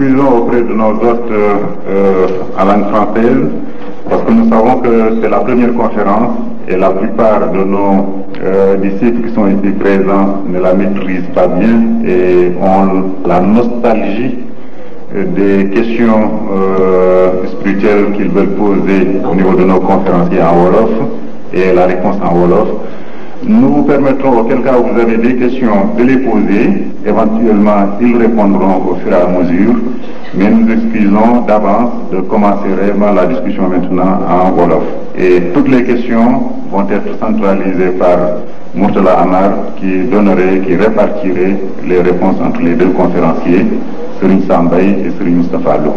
diffusons auprès de nos hôtes en euh, langue parce que nous savons que c'est la première conférence et la plupart de nos euh, disciples qui sont ici présents ne la maîtrisent pas bien et la nostalgie euh, des questions spirituelles qu'ils veulent poser au niveau de nos conférenciers en Wolof et la réponse en Wolof. Nous vous permettrons, auquel cas vous avez des questions, de les poser Éventuellement, ils répondront au fur et à mesure, mais nous excusons d'avance de commencer la discussion maintenant en wolof. Et toutes les questions vont être centralisées par Mourtala Amar qui donnerait, qui répartirait les réponses entre les deux conférenciers, Serigne Sambay et Serigne Moustapha Lo.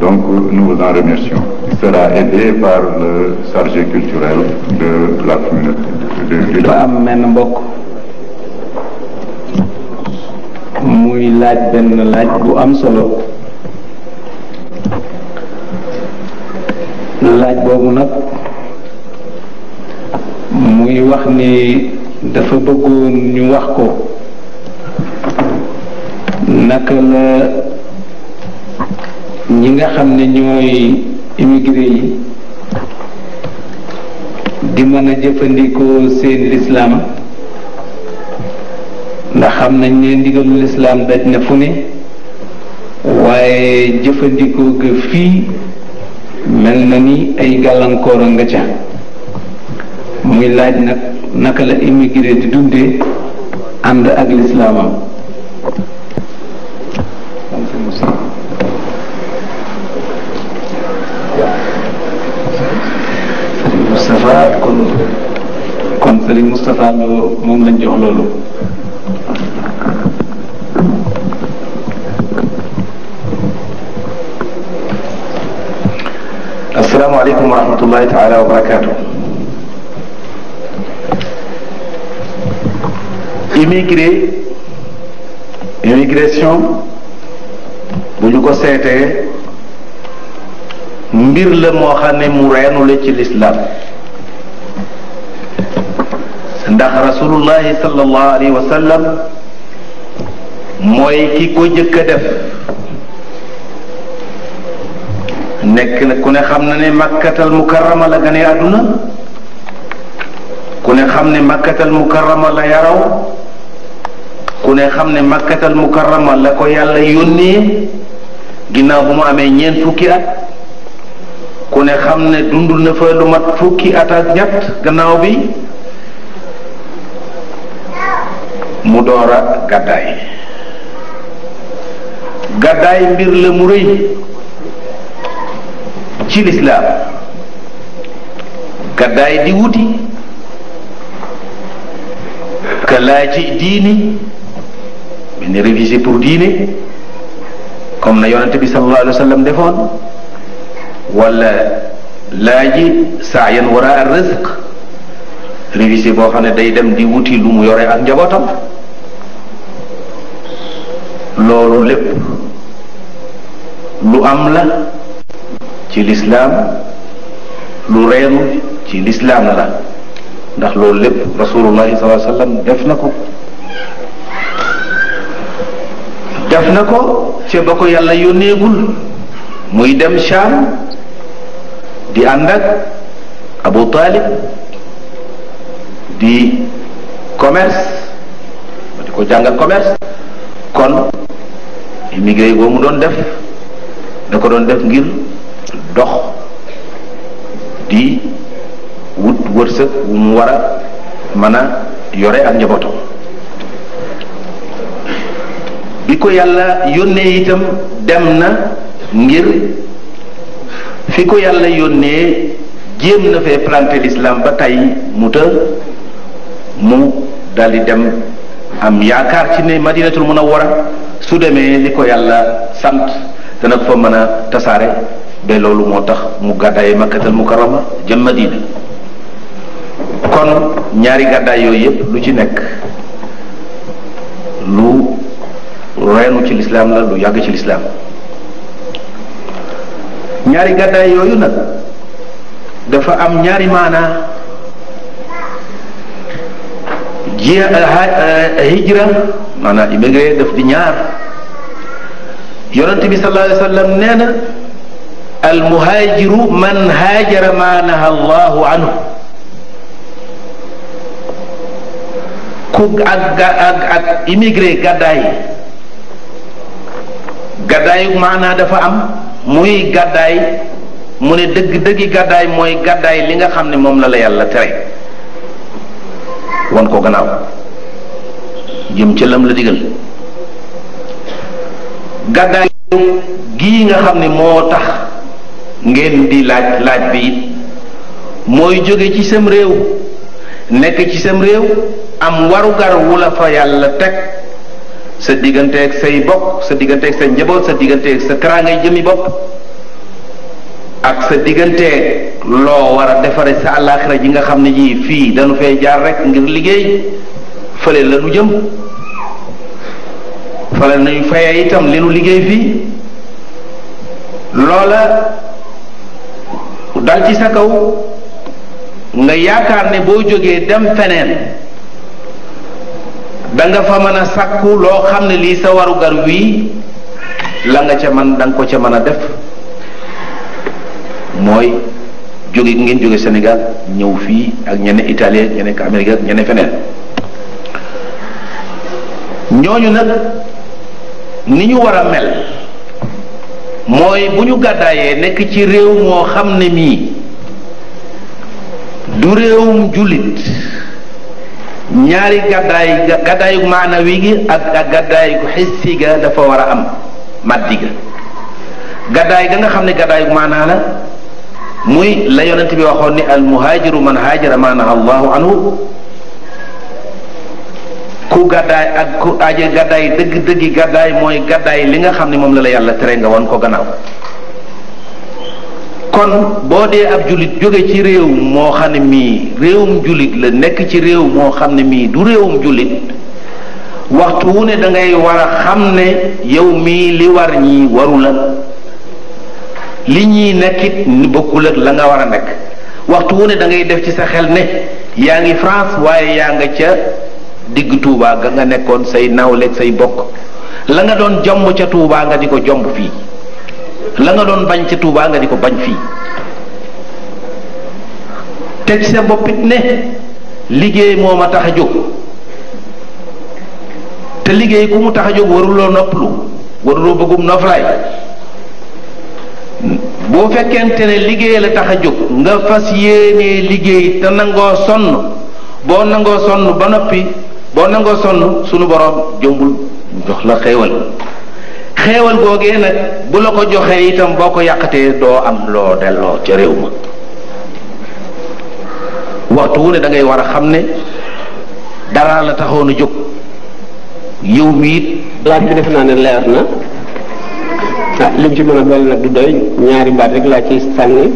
Donc nous vous en remercions. Il sera aidé par le chargé culturel de la communauté. dafa am menn mbokk muy laaj benn laaj bu am solo laaj boobu nag muy wax ni dafa bëggoon ñu wax ko naka la ñi nga xam ne ñooy immigré yi di mën a jëfandikoo seen lislaam ndax xam nañ ne ndigalu lislaam daj na fu ne waaye jëfandikoo ga fii mel na ni ay gàllankoor a nga ca muy laaj nag naka la immigré di dundee ànd ak lislaamam kon kon Sëriñ Moustapha moom lañ jox loolu asalaamaaleykum wa rahmatullahi taala wa barakaatu. immigré immigration bu ñu ko seetee mbir la moo xam ne mu reenu la ci lislaam ndax rasulullahi sallallahu alayhi wa sallam mooy ki ko jëkk a def nekk na ku ne xam na ne makkatal mukarrama la gane àdduna ku ne xam ne makkatal mukarrama la yaraw ku ne xam ne makkatal mukarrama la ko yàlla yónnee ginnaaw bu mu amee ñeent fukki at ku ne xam ne dund na fa lu mat fukki at ak ñett gannaaw bi mu door a gàddaay gàddaay mbir la mu rëy ci lislaam gàddaay di wuti kalaaji diini benn révisé pour diine comme na yonente bi sallallahu alayhi wa sallam defoon wala laaji saayan wara ar rizq révisé boo xam ne day dem di wuti lu mu yore ak njabootam loolu lépp lu am la ci lislaam lu reenu ci lislaam la ndax loolu lépp rasulullahi sallallahu def na ko def na ko ca ba ko yàlla yónneegul muy dem Sham di ànd ak Abu Talib di commerce ba di ko jàngal commerce kon immigré boo mu doon def da ko doon def ngir dox di wut wërsëg wu mu war a mën a yore ak njabootam bi ko yàlla yónnee itam dem na ngir fi ko yàlla yónnee jéem na fee planté l'islam ba tey mu tër mu daldi dem am yaakaar ci ne madinatul munawwara su demee li ko yàlla sant dana ko fa mën a tasaare ba loolu moo tax mu gàddaay makkatal mukarrama jëm madina kon ñaari gàddaay yooyu yëpp lu ci nekk lu reenu ci lislaam la lu yàgg ci lislaam ñaari gàddaay yooyu nag dafa am ñaari maanaa ji eh, eh, hijra maanaam immigré daf di ñaar yonent bi sallallahu alayhi wa sallam nee na almuhaajiru man haajara maa naha allahu anhu ku ak ak ak immigré gàddaay gàddaayu maanaa dafa am muy gàddaay mu ne dëgg dëggi gàddaay mooy gàddaay li nga xam ne moom la la yàlla tere won ko gannaaw jëm ci lam la digal gàddaay gii nga xam ne moo tax ngeen di laaj laaj bi it mooy jóge ci sam réew nekk ci seen réew am warugar wu la fa yàlla teg sa digganteeg say bokk sa digganteeg sa njaboot sa digganteeg sa teraangay jëmi bopp ak sa digganteeg loo war a defare sa àllaaxira ji nga xam ne ji fii dañu fay jaar rek ngir liggéey fële la nu jëm fële nañu fayee itam li liggéey fii loola ku dal ci sa kaw nga yaakaar ne boo jógee dem feneen da fa mën a sàkku loo xam ne lii sa warugar wii la nga ca man danga nga ko ca mën a def mooy jóge ngeen jóge Sénégal ñëw fii ak ñene Italie ak ñene Amérique ñene feneen ñooñu nag ni ñu war a mel mooy bu ñu gàddaayee nekk ci réew moo xam ne mii du réewum jullit ñaari gàddaay gàddaayu maanawi gi ak ak gàddaayu xissi ga dafa war a am maddi ga gàddaay ga nga xam ne gàddaayu maanaa la muy la yonent bi waxoon ni al muhaajiru man haajara allahu anhu ku gàddaay ak ku aje gàddaay dëgg dëggi gàddaay mooy gàddaay li nga xam ne moom la la yàlla tere nga woon ko gannaaw kon boo dee ab jullit jóge ci réew moo xam ne mii réewum jullit la nekk ci réew moo xam ne mii du réewum jullit waxtu wu ne dangay war a xam ne yow mii li war ñi warula li ñuy nekkit bokkul ak la nga war a nekk waxtu wu ne da def ci sa xel ne yaa ngi France waaye yaa nga ca digg tuubaa ga nga nekkoon say nawleeg say bokk la nga doon jomb ca tuubaa nga di ko jomb fii la nga doon bañ ca tuubaa nga di ko bañ fii teg sa boppit ne liggéey moom a tax a jóg te liggéey ku mu tax a jóg waruloo noppalu waruloo bëggum noflaay boo fekkente ne liggéey la tax a jóg nga fas yéenee liggéey te nangoo sonn boo nangoo sonn ba noppi boo nangoo sonn sunu boroom jombul jox la xéewal xéewal googee nag bu la ko joxee itam boo ko yàqatee doo am loo delloo ca réew ma waxtu wu ne dangay war a xam ne dara la taxoon a jóg yow mi it laaj bi def naa ne leer na ah lim ci mën a bel du doy ñaari mbaat rek laa ci sànni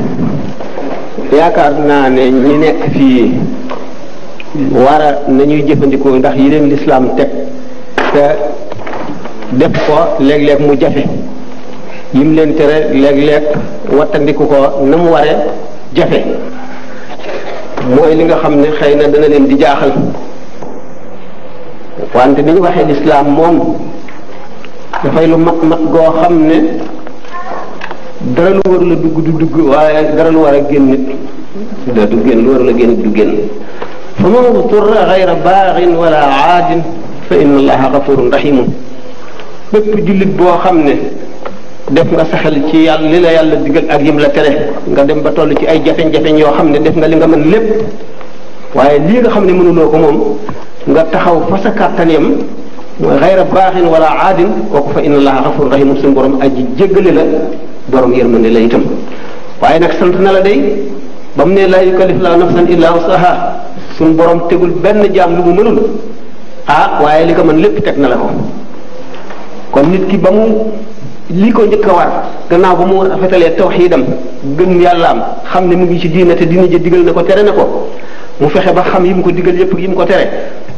yaakaar naa ne ñi nekk fii war a nañuy jëfandikoo ndax yi leen lislaam teg te def ko léeg-léeg mu jafe yim leen tere léeg-léeg wattandiku ko na mu waree jafe mooy li nga xam ne xëy na dana leen di jaaxal wante ni ñu waxee lislaam moom dafay lu mat mat goo xam ne dara lu war la dugg du dugg waaye dara lu war a génn nit du génn lu war la génn du génn فمن اضطر غير baax wala aadin fa inna allaha gafurun rahimun bépp jullit boo xam ne def nga saxal ci yàlla li yàlla digal ak yim la tere nga dem ba toll ci ay jafeñ-jafeñ yoo xam ne def nga li nga mën lépp waaye lii xam ne mënuloo ko nga taxaw fa sa kàttan mooy xayra baaxin wala aadin kooku fa inna allaha gafurun rahimun suñu la borom yërmande la itam waaye sant na la day ba mu ne laa yukallif la nafsan illa suñu borom tegul benn jaam lu mu mënul ah waaye li ko mën lépp teg na la ko kon nit ki ba mu li ko njëkk a war gannaaw ba mu rafetalee tawxiidam gëm yàllaam xam ne mu ngi ci diine te diine ja digal na ko tere na ko mu fexe ba xam yi mu ko digal yépp yi mu ko tere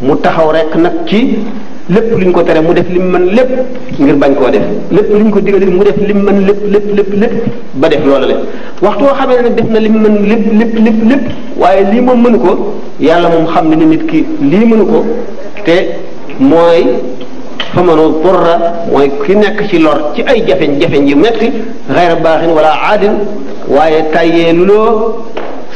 mu taxaw rek nag ci lépp luñ ko tere mu def li mu man lépp ngir bañ koo def lépp luñ ko digal mu def li mu man lépp lépp lépp lépp ba def loola le waxtu xamee ne def na lim man lépp lépp lépp lépp waaye lii moom mënu ko yàlla moom xam ne ne nit ki lii mënu ko te mooy fa manoo porra mooy ki nekk ci lor ci ay jafeñ-jafeñ yu metti xeyra baaxin wala aadin waaye tàyyeeluloo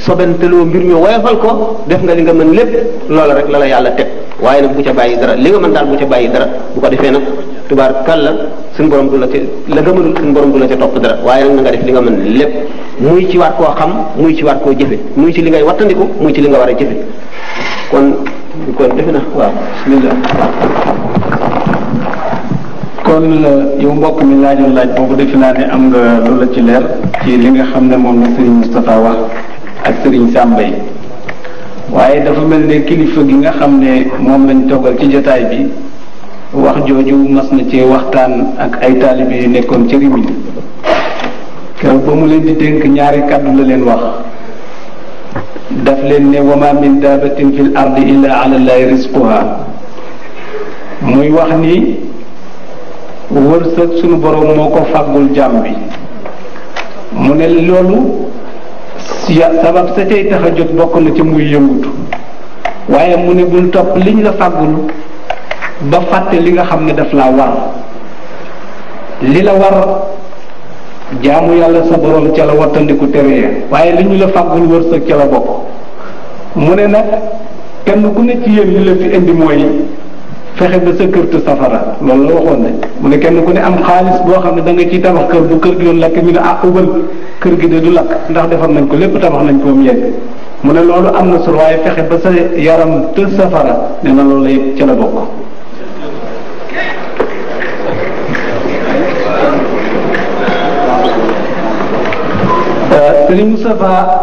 sobenteloo mbir ñu woyofal ko def nga li nga mën lépp loola rek la la yàlla teg waaye nag bu ca bàyyi dara li nga mën daal bu ca bàyyi dara bu ko defee nag tubaar kàlla suñ borom du la ca la nga mënul suñ borom du la ca topp dara waaye nag na nga def li nga mën lépp muy ci war koo xam muy ci war koo jëfe muy ci li ngay wattandiku muy ci li nga war a jëfe kon kon defe na waaw bismillah kon eh, mbokk mi laajoon laaj boobu defe naa ne am nga la ci leer ci li nga xam ne moom la Serigne Moustapha wax ak Serigne Samba yi waaye dafa ne kilifa lañ toggal ci jotaay bi wax jooju mas na ci waxtaan ak ay taalibe yu nekkoon ci rimi keroog ba mu leen di dénk ñaari kàddu la leen wax daf leen ne wa ma min daabatin fil ardi illa ala llahi risquha muy wax ni wërsëg sunu borom moo ko fàggul jàmm bi mu ne loolu sabab sa cay tax jot bokk na ci muy yëngutu waaye mu ne bul topp liñ la fàggul ba fàtte li nga xam ne daf laa war li la war jaamu yàlla sa borom ca la wattandiku tere waaye li ñu la fàggul wërsëg ca la bokk mu ne nag kenn ku ne ci yéen li la fi indi mooy fexe ba sa kër te safara loolu la waxoon ne mu ne kenn ku ne am xaalis boo xam ne danga ci ciy tabax kër bu kër gi doon lakk ñu ne ah ubal kër gi de du lakk ndax defar nañ ko lépp tabax nañ ko mu yegg mu ne loolu am na solo waaye fexe ba sa yaram te safara nee na loolu yëpp ca la bokk. Serigne Moustapha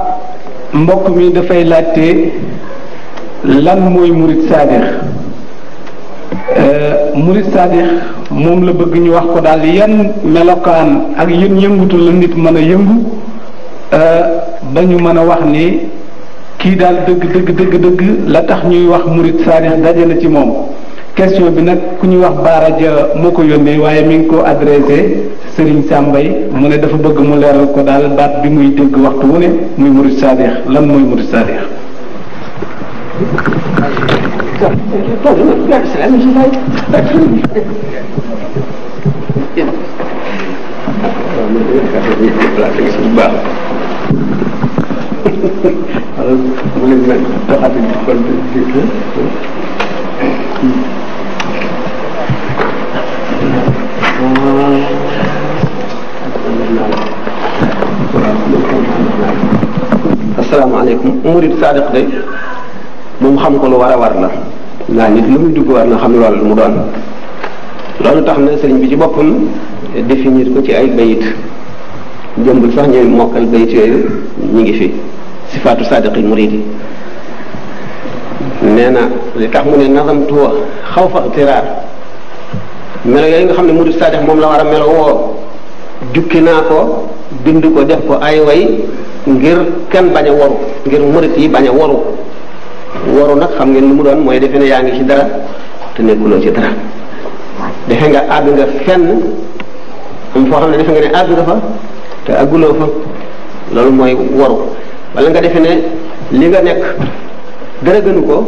mbokk mi dafay laajte lan mooy murid saadix euh, murid saadix moom la bëgg ñu wax ko daal yan melokaan ak yan yëngutu la nit mën a yëngu euh, ba ñu mën a wax ni kii daal dëgg dëgg dëgg dëgg la tax ñuy wax murid saadix daje na ci moom question bi nag ku ñuy wax Baara Dia moo ko yónnee waaye mi ngi ko adressé Serigne Sambay mu ne dafa bëgg mu leeral ko daal baat bi muy dégg waxtu wu ne muy murid saadix lan mooy murid saadix asalaamaaleykum murid sadiq de moom xam ko lu war a war la naa nit lu muy dugg war na xam loolu mu doon loolu tax na sëriñ bi ci boppam définir ko ci ay bayit jëmbul sax ñooy mokkal bayit yooyu ñu ngi fi sifaatu sadiqil murid yi nee na li tax mu ne nazamtu xaw fa tiraar melo yooyu nga xam ne murid sadiq moom la war a melo woo jukki naa ko bind ko def ko ay way ngir kenn bañ a waru ngir murit yi bañ a waru waru nag xam ngeen lu mu doon mooy defe ne yaa ngi ci dara te nekkuloo ci dara defe nga àgg nga fenn xam ne defe nga ne àgg nga fa te àgguloo fa loolu mooy waru wala nga defe ne li nga nekk dara gënu ko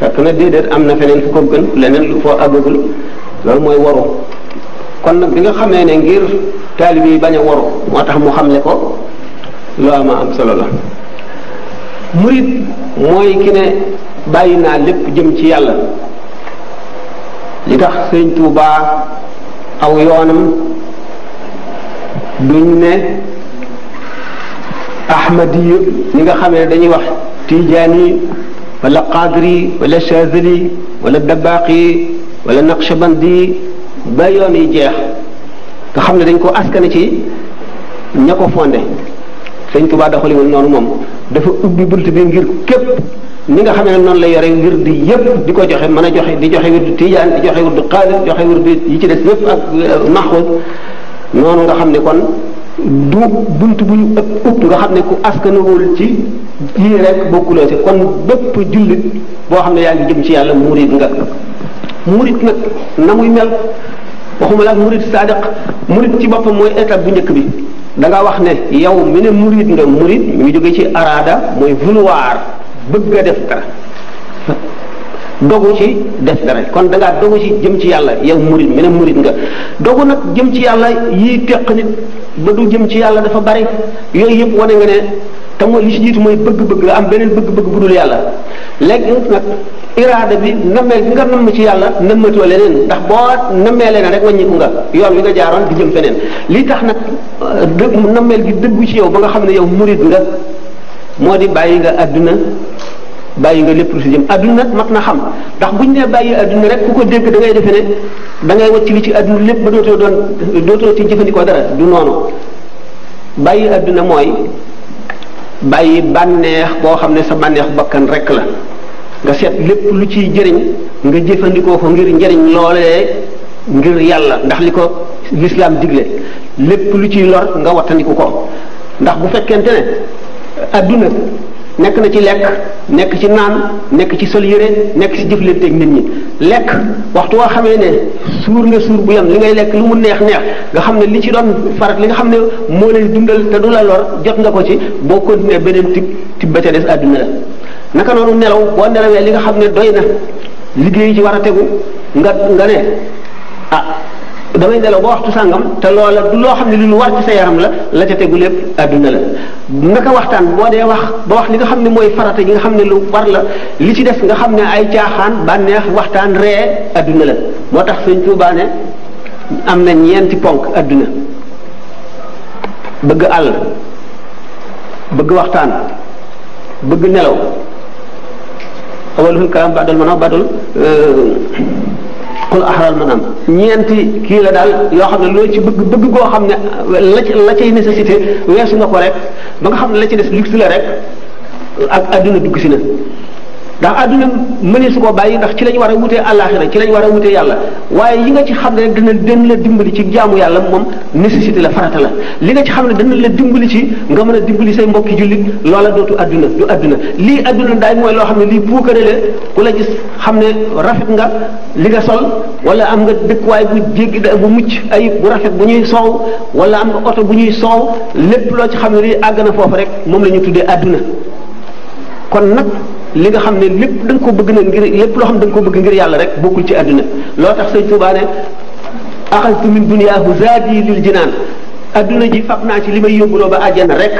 fekk na déedéet am na feneen fu ko gën leneen lu foo àggagul loolu mooy waru kon nag bi nga xamee ne ngir taalibe yi bañ a waru moo tax mu xamle ko lu am solo la murit mooy ki ne bàyyi naa lépp jëm ci yàlla li tax sëñ Tuubaa aw yoonam duñ ne ahmadi ñi nga xamee dañuy wax tijaani wala qadri walla chazili wala dabaqi wala naqshbandi ba yoon yi jeex nga xam ne dañ ko askane ci ña ko fondé sëñ Tuubaa doxaliwul noonu moom dafa ubbi bunt bi ngir képp ni nga xam ne noonu la yore ngir di yëpp di ko joxe mën a joxe di joxe wirdu tijaan di joxe wirdu xaadir joxe wirdu yi ci des yëpp ak naxwa euh, noonu nga xam ne kon du bunt bu ñu ëpp upp nga xam ne ku askanawul ci yii rek bokkuloo ci kon bépp jullit boo xam ne yaa ngi jëm ci yàlla murit nga murit nag na muy mel waxuma la ak murit saadiq murit ci boppam mooy étape bu njëkk bi da wax ne yow mi ne murid nga murid mi ngi jóge ci araada mooy vouloir bëgg a def dara dogu ci def dara kon da ngaa dogu ci jëm ci yàlla yow murid mi ne murid nga dogu nag jëm ci yàlla yii teq nit ba du jëm ci yàlla dafa bari yooyu yëpp wane nga ne te mooy li ci jiitu mooy bëgg-bëgg nga am beneen bëgg-bëgg bu dul yàlla léegi nag iraada bi nammee bi nga namm ci yàlla nammatoo leneen ndax boo nammee leneen rek wàññiku nga yoon wi nga jaaroon di jëm feneen li tax nag euh, dë nammeel gi dëggu ci yow ba nga xam ne yow murid nga moo di bàyyi nga àdduna bàyyi nga lépp lu si jëm àdduna mat na xam ndax bu buñ nee bàyyi àdduna rek ku ko dégg dangay ngay defe ne da ngay wàcc li ci àdduna lépp ba dootoo doon dootoo ci jëfandikoo dara du noonu bàyyi àdduna mooy bàyyi bànneex boo xam ne sa bànneexu bakkan rek la nga set lépp lu ciy jëriñ nga jëfandikoo ko ngir njëriñ loole ngir yàlla ndax li ko lislaam digle lépp lu ciy lor nga wattandiku ko ndax bu fekkente ne adduna nekk na ci lekk nekk ci naan nekk ci sol yére nekk ci jëflanteeg nit ñi lekk waxtu woo xamee ne suur nga suur bu yem li ngay lekk lu mu neex neex nga xam ne li ci doon farat li nga xam ne moo lay dundal te du la lor jot nga ko ci boo continuer beneen tib tib ba ca des àdduna la naka noonu nelaw boo nelawee li nga xam ne doy na liggéey ci war a tegu nga nga ne ah damay nelaw ba waxtu sàngam te loola loo xam ne lu ñu war ci sa yaram la la ca tegu lépp àdduna la naka waxtaan boo dee wax ba wax li nga xam ne mooy farata yi nga xam ne lu war la li ci des nga xam ne ay caaxaan bànneex waxtaan ree àdduna la moo tax sëñ Tuubaa am na ñeenti ponk àdduna bëgg àll bëgg waxtaan bëgg nelaw awaluhul kalaam badal mana badal euh, xul axaral maanaam ñeenti kii la daal yoo xam ne loo ci bëgg bëgg goo xam ne la ci la cay nécessité weesu nga ko rek ba nga xam ne la ci des luxe la rek ak adduna dugg si na ndax àdduna mënee su ko bàyyi ndax ci lañ war a wutee àllaaxira ci lañ war a wutee yàlla waaye yi nga ci xam ne dina dina la dimbali ci jaamu yàlla moom nécessité la farata la li nga ci xam ne dina la dimbali ci nga mën a dimbali say mbokki jullit loola dootu àdduna du àdduna lii àdduna daay mooy loo xam ne lii puukare la ku la gis xam ne rafet nga li nga sol wala am nga dëkkuwaay bu jéggi bu mucc ay bu rafet bu ñuy soow wala am nga oto bu ñuy soow lépp loo ci xam ne lii àgg na foofu rek moom la ñu tuddee àdduna li nga xam ne lépp da nga ko bëgg na ngir lépp loo xam da nga ko bëgg ngir yàlla rek bokkul ci àdduna loo tax sëñ Tuubaa ne axastu min duniyaahu zaadi lil jinaan àdduna ji fab naa ci li may yóbbuloo ba àjjana rek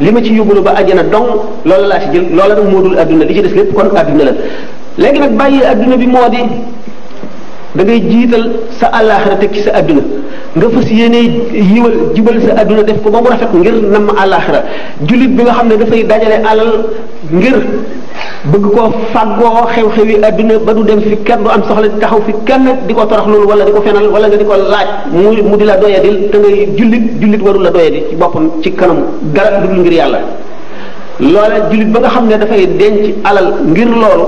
li ma ci yóbbuloo ba àjjana dong loola laa ci jël loola nag moo dul àdduna li ci des lépp kon àdduna la léegi nag bàyyi àdduna bi moo di da ngay jiital sa àllaaxira teg ci sa àdduna nga fas yéene yiwal jubal sa àdduna def ko ba mu rafet ngir namm àllaaxira jullit bi nga xam ne dafay dajale alal ngir bëgg koo fàggoo xew-xewi àdduna ba du dem fi kenn du am soxla di taxaw fi kenn di ko torox loolu wala di ko fenal wala nga di ko laaj mu mu di la doyadil te ngay jullit jullit warul a doyadi bopp ci kanam dara dul ngir yàlla loola jullit ba nga xam ne dafay denc alal ngir loolu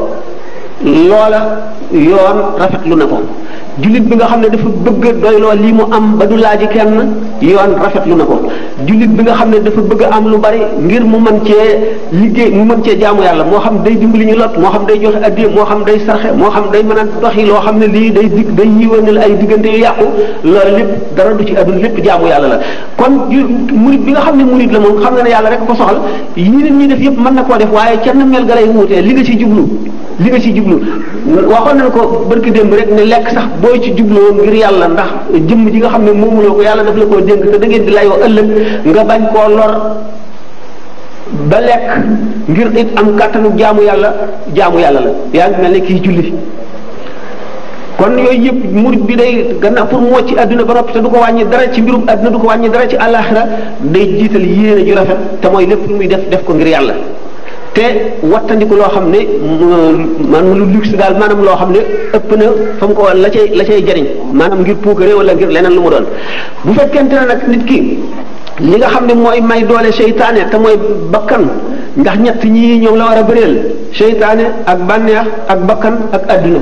loola yoon rafetlu na ko jullit bi nga xam ne dafa bëgg a doyloo mu am ba du laaji kenn yoon rafetlu na ko jullit bi nga xam ne dafa bëgg am lu bari ngir mu mën cee liggéey mu mën cee jaamu yàlla moo xam ne day dimbali ñu lot moo xam ne day joxe addiya moo xam day sarxe moo xam day mën a doxi loo xam ne lii day dig day yiwanal ay diggante yu yàqu loolu lépp dara du ci adun lépp jaamu yàlla la kon murit bi nga xam ne murit la moom xam nga ne yàlla rek ko soxal yi nit ñi def yëpp mën na koo def waaye kenn mel ga lay wuutee li nga ci jublu li nga ci jublu waxoon na ko barki démb rek ne lekk sax booy ci jubloo ngir yàlla ndax jëmm ji nga xam ne moomuloo ko yàlla daf la koo dénk te da ngeen di layoo ëllëg nga bañ koo lor ba lekk ngir it am kàttanu jaamu yàlla jaamu yàlla la yaa ngi mel ne kii julli kon yooyu yëpp murid bi day gannaaw pour mu ci àdduna ba noppi te du ko wàññi dara ci mbirum àdduna du ko wàññi dara ci àllaaxira day jiital yéene ju rafet te mooy lépp lu muy def def ko ngir yàlla te wattandiku loo xam ne maanaam lu luxe daal maanaam loo xam ne ëpp na fa mu ko la cay la cay jariñ maanaam ngir puukare wala ngir leneen lu ma doon bu fekkente ne nag nit ki li nga xam ne mooy may doole seytaane te mooy bakkan ndax ñett ñi ñoom la war a bëreel seytaane ak bànneex ak bakkan ak àdduna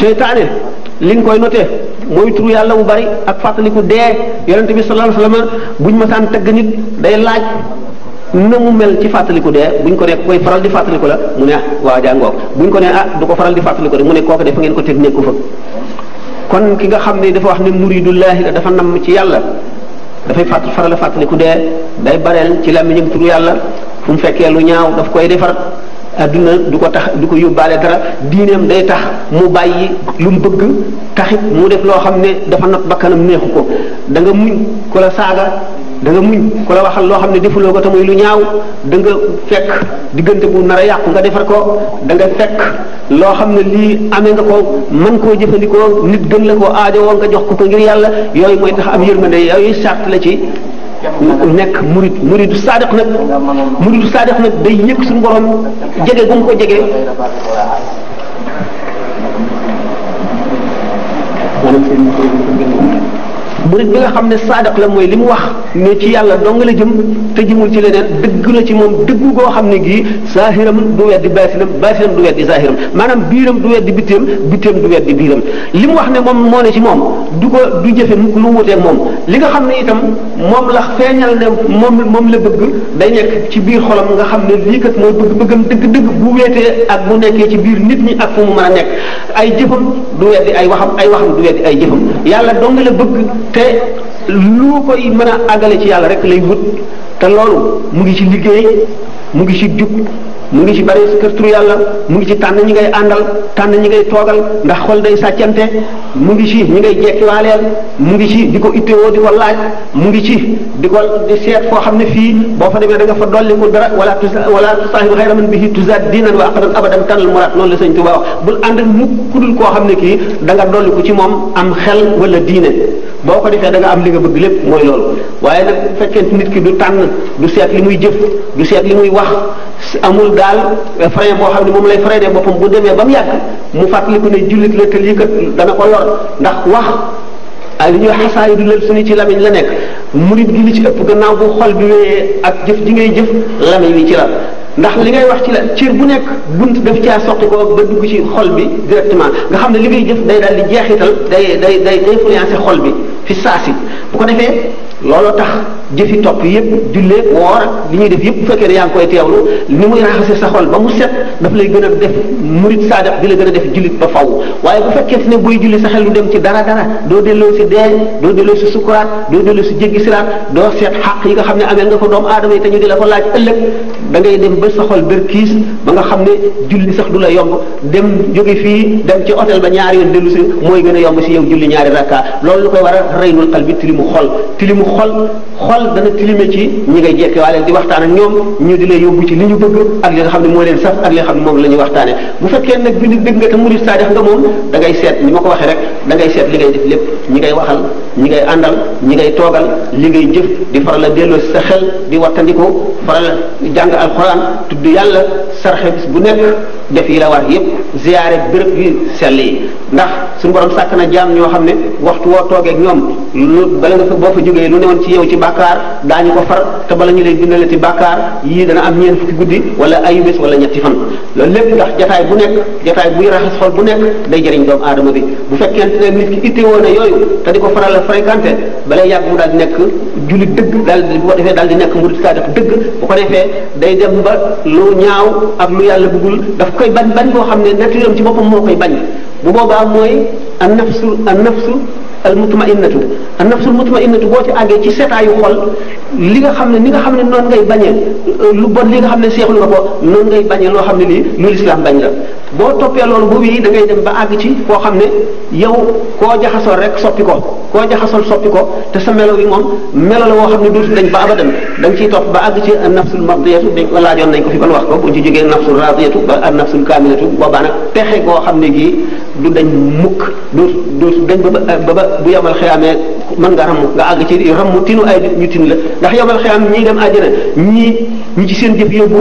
seytaane li nga koy noté mooy turu yàlla bu bari ak fàttaliku dee yonente bi sallallahu alayhi wasallam buñ ma tegg tëgg nit day laaj na mu mel ci fàttaliku dee buñ ko ne koy faral di fàttaliku la mu ne ah waa jàngoog buñ ko ne ah du ko faral di fàttaliku de mu ne kooku dafa ngeen ko teg nekku kon ki nga xam ne dafa wax ne muridullahi la dafa namm ci yàlla dafay fàtt faral fàttaliku de day bareel ci làmmiñam turu yàlla fu mu fekkee lu ñaaw daf koy defar adduna du ko tax du ko yóbbaale dara diineem day tax mu bàyyi lu mu bëgg taxit mu def loo xam ne dafa not bakkanam neexu ko da muñ ko la saaga danga nga muñ ku la waxal loo xam ne defuloo ko te muy lu ñaaw danga nga fekk diggante bu nar a yàqu nga defar ko danga nga fekk loo xam ne lii amee nga ko mën koo jëfandikoo nit gën la koo aajowoo nga jox ko ko ngir yàlla yooyu mooy tax am yërmande yooyu sart la ci nekk murid muridu saadiq nag muridu saadiq nag day yëg suñu borom jege gu mu ko jege murid bi nga xam ne saadaq la mooy li mu wax ne ci yàlla dong la jëm te jëmul ci leneen dëgg na ci moom dëggu goo xam ne gii zaahiram du weddi baatinam baatinam du weddi zaahiram maanaam biiram du weddi bitteem bitteem du weddi biiram li mu wax ne moom moo ne ci moom du ko du jëfe mukk lu moom li nga xam ne itam moom la feeñal ne moom moom la bëgg day nekk ci biir xolam nga xam ne lii kat mooy bëgg bëggam dëgg-dëgg bu weetee ak bu nekkee ci biir nit ñi ak fu mu mën a nekk ay jëfam du weddi ay waxam ay waxam du weddi ay jëfam yàlla dong la bëgg te lu koy mën a àggale ci yàlla rek lay wut te loolu mu ngi ci liggéey mu ngi ci jub mu ngi ci bari kërturu yàlla mu ngi ci tànn ñi ngay àndal tànn ñi ngay toogal ndax xol day sàccante mu ngi ci ñi ngay jekkiwaaleel mu ngi ci di ko ittewoo di ko laaj mu ngi ci di ko di seet foo xam ne fii boo fa demee da nga fa dolli ko dara wala wala saahibu xayra man bihi tuzaad diinan wa aqdan abadan tanal muraad loolu la sëñ Tuubaa bul ànd mukk ku koo xam ne kii danga nga ci moom am xel wala diine boo ko defee da nga am li nga bëgg lépp mooy loolu waaye nag bu fekkente nit ki du tànn du seet li muy jëf du seet li muy wax amul daal frein boo xam ne moom lay freiné boppam bu demee ba mu yàgg mu fàttaliku ne jullit la te lii kat dana ko lor ndax wax ay ah li ñuy xasaayu du lël suñu ci lamiñ la nekk murit gi li ci ëpp gannaaw bu xol bi wéyee ak jëf ji ngay jëf lamiñ li ci la ndax li ngay wax ci la cër bu nekk bunt daf caa soqi ko ba dugg ci xol bi directement nga xam ne li ngay jëf day daal di jeexital day day day influencer xol bi fi saasi bu ko defee looloo tax jëfi topp yépp jullee woor ak li ñuy def yépp bu fekkee ne yaa ngi koy teewlu ni muy raxase sa xol ba mu set daf lay gën a def murit saadax di la gën a def jullit ba faw waaye bu fekkee te ne buy julli sa xel lu dem ci dara dara doo delloo si dee doo delloo si sukuraat doo delloo si jéggi siraat doo seet xaq yi nga xam ne amee nga ko doom aadama yi te ñu di la ko laaj ëllëg da ngay dem ba sa xol berkiis ba nga xam ne julli sax du la yomb dem jóge fii dem ci ba ñaari yoon dellu si mooy gën a yomb si yow julli ñaari rakka ak reynul qalbi tilimu xol tilimu xol xol dana tilime ci ñi ngay jekke waa di waxtaan ak ñoom ñu di leen yóbbu ci li ñu bëgg ak li nga xam ne moo leen saf ak li nga xam ne moom la ñuy waxtaane bu fekkee nag bi ñu nga te murid saadix nga da ngay seet ni ma ko waxee rek da ngay seet li ngay def lépp ñi ngay waxal ñi ngay àndal ñi ngay toogal li ngay jëf di faral a delloo sa xel di wattandiku faral jàng alxuraan tudd yàlla sarxe bis bu nekk def yi la war yépp ziyaare béréb yi sell yi ndax suñu borom sàkk na jaam ñoo xam ne waxtu woo toogeeg ñoom woon lu bala nga fa boo fa jógee lu ne woon ci yow ci bàkkaar daañu ko far te bala ñu lay bindale ci bàkkaar yii dana am ñeent fukki guddi wala ayu bés wala ñetti fan loolu lépp ndax jataay bu nekk jataay buy raxas xol bu nekk day jëriñ doomu aadama bi bu fekkente ne nit ki woon na yooyu te di ko faral a fréquenté balay yàgg mu daal di nekk jullit dëgg daal bu ko defee daal di nekk murid saa def dëgg bu ko defee day dem ba lu ñaaw ak lu yàlla bëggul ne naturel ci boppam moo koy bañ bu boobaa mooy an al mutmainnatu an nafsul mutmainnatu boo ci àggee ci setaayu xol li nga xam ne ni nga xam ne noonu ngay bañee lu bon li nga xam ne seexlu nga ko noonu ngay bañee loo xam ne nii lu lislaam bañ la boo toppee loolu bu wii da ngay dem ba àgg ci koo xam ne yow koo jaxasol rek soppi koo jaxasol soppi ko te sa melo yi moom melo woo xam ne dootul dañ ba abadan da nga ciy topp ba àgg ci an nafsul mardiyatu dañ laajoon nañ ko fi ban wax ko buñ ci jógee nafsul radiyatu ba an nafsul kaamilatu boobaa nag pexe goo xam ne gii du dañ mukk du du dañ ba ba eh, bu yamal xiyaamee mën nga ramm nga àgg ci ramm tinu ay ñu tinu la ndax yamal xiyaam ñii dem àjjana ñii ñi ci seen jëf yóbbu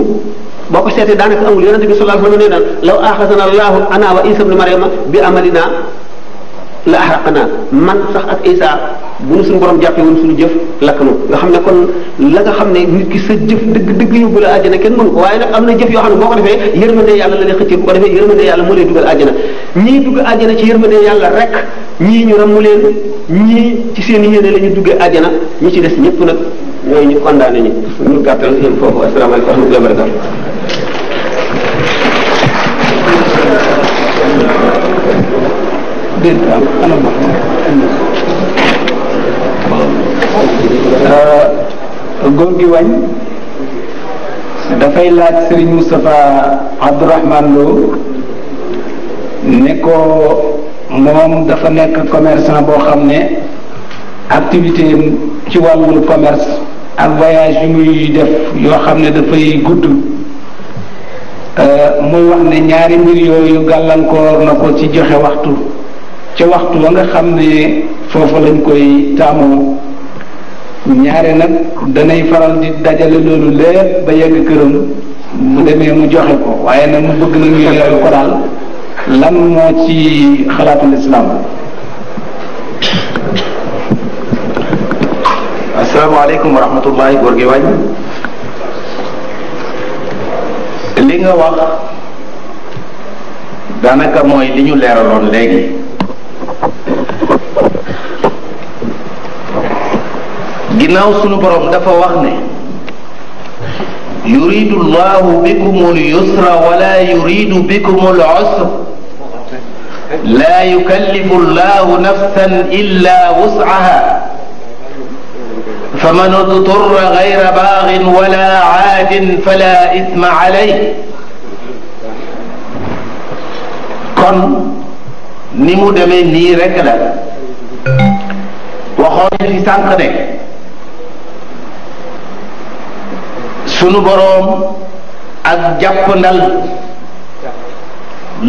boo ko seetee daanaka amul yonente bi sallallahu alayhi wa nee na law axasana allahu ana wa isa ibn maryama bi amalinaa la axraq naa man sax ak isa bu nu suñu borom jàppee woon suñu jëf lakk nu nga xam ne kon la nga xam ne nit ki sa jëf dëgg dëgg yóbbu la àjjana kenn mënu waaye nag am na jëf yoo xam ne boo ko defee yërmande yàlla la lay xëccee bu ko defee yërmande yàlla moo lay dugal àjjana ñii dugg àjjana ci yërmande yàlla rek ñii ñu ramu leen ñii ci seen yéene la ñu duggee àjjana ñi ci des ñëpp nag ñooy ñu condamné ñi ñu gàttal yéen foofu asalaamaaleykum wa rahmatullahi wa barakatuh dégg euh, wañ dafay laaj Serigne Moustapha Abdourahmane Lo ne ko moom dafa nekk commerçant boo xam ne activité ci wàllu commerce ak voyage yu muy def yoo xam ne dafay gudd euh, muy wax ne ñaari mbir yooyu gàllankoor na ko ci joxe waxtu ca waxtu wa nga xam ne foofu lañ koy taamoo ñaare nag danay faral di dajale loolu lépp ba yegg këram mu demee mu joxe ko waaye nag mu bëgg nag leeral ko daal lan moo ci xalaatul islam asalaamaaleykum wa rahmatullahi góor gi wañ li nga wax daanaka mooy li ñu leeraloon léegi ginnaaw sunu borom dafa wax ne yuridu llahu bikumul yusra wala yuridu bikumul usra laa yukallifu llahu nafsan illa wus'aha faman udturra gayra baagin wala aadin fala isma alayh kon ni mu demee nii rek la waxoon ci sànq ne sunu boroom ak jàppandal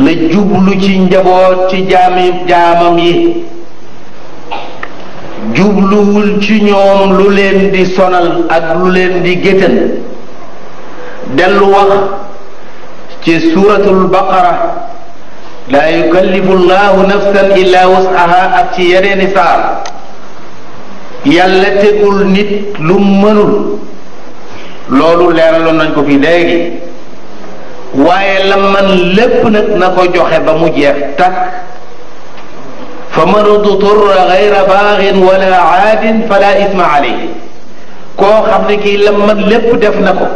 la jublu ci njaboot ci jaami jaamam yi jubluwul ci ñoom lu leen di sonal ak lu leen di géttan dellu wax ci suuratul baqara laa yukallifu llahu nafsan illa wusaha ak ci yeneeni saar yàlla tegul nit lu mënul loolu leeraloon nañ ko fi léegi waaye la man lépp nag na ko joxe ba mu jeex takk fa man uturra gayra baaxin wala aadin fala isma alayhi koo xam ne kii la man lépp def na ko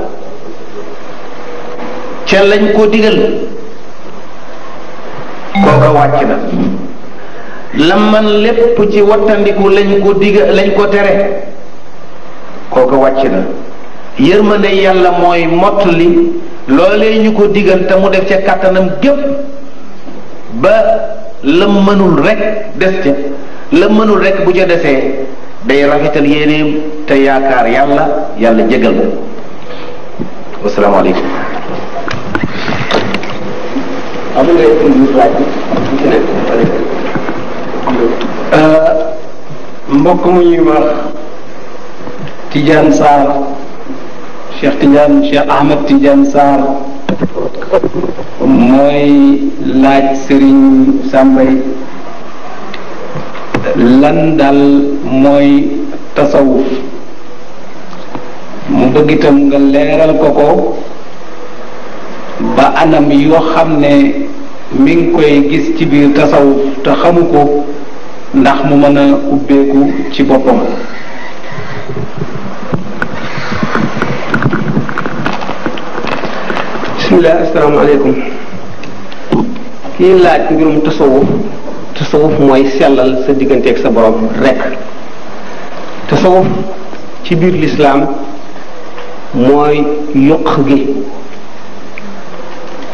ca lañ ko digal kooka wàcc na la man lépp ci wattandiku lañ ko diga lañ ko tere kooka wàcc na yërmande yàlla mooy mott li loolee ñu ko digal te mu def ca kàttanam gépp ba la mënul rek des ca la mënul rek bu ca desee day rafetal yéeneem te yaakaar yàlla yàlla na ko wasalaamaaleykum abin da ya fi yi zuwa mbokk mu ñuy wax Tidiane Sarr Cheikh Tidiane Cheikh Ahmed Tidiane Sarr mooy laaj Serigne Sambay lan daal mooy tasawuf mu bëgg nga leeral ko ko ba anam yoo xam ne mi ngi koy gis ci biir tasawuf te xamu ko ndax mu mën a ubbeeku ci boppam bismillah asalaamaaleykum kii laaj mbirum tasawuf tasawuf mooy sellal sa digganteeg sa borom rek tasawuf ci biir lislaam mooy yokk gi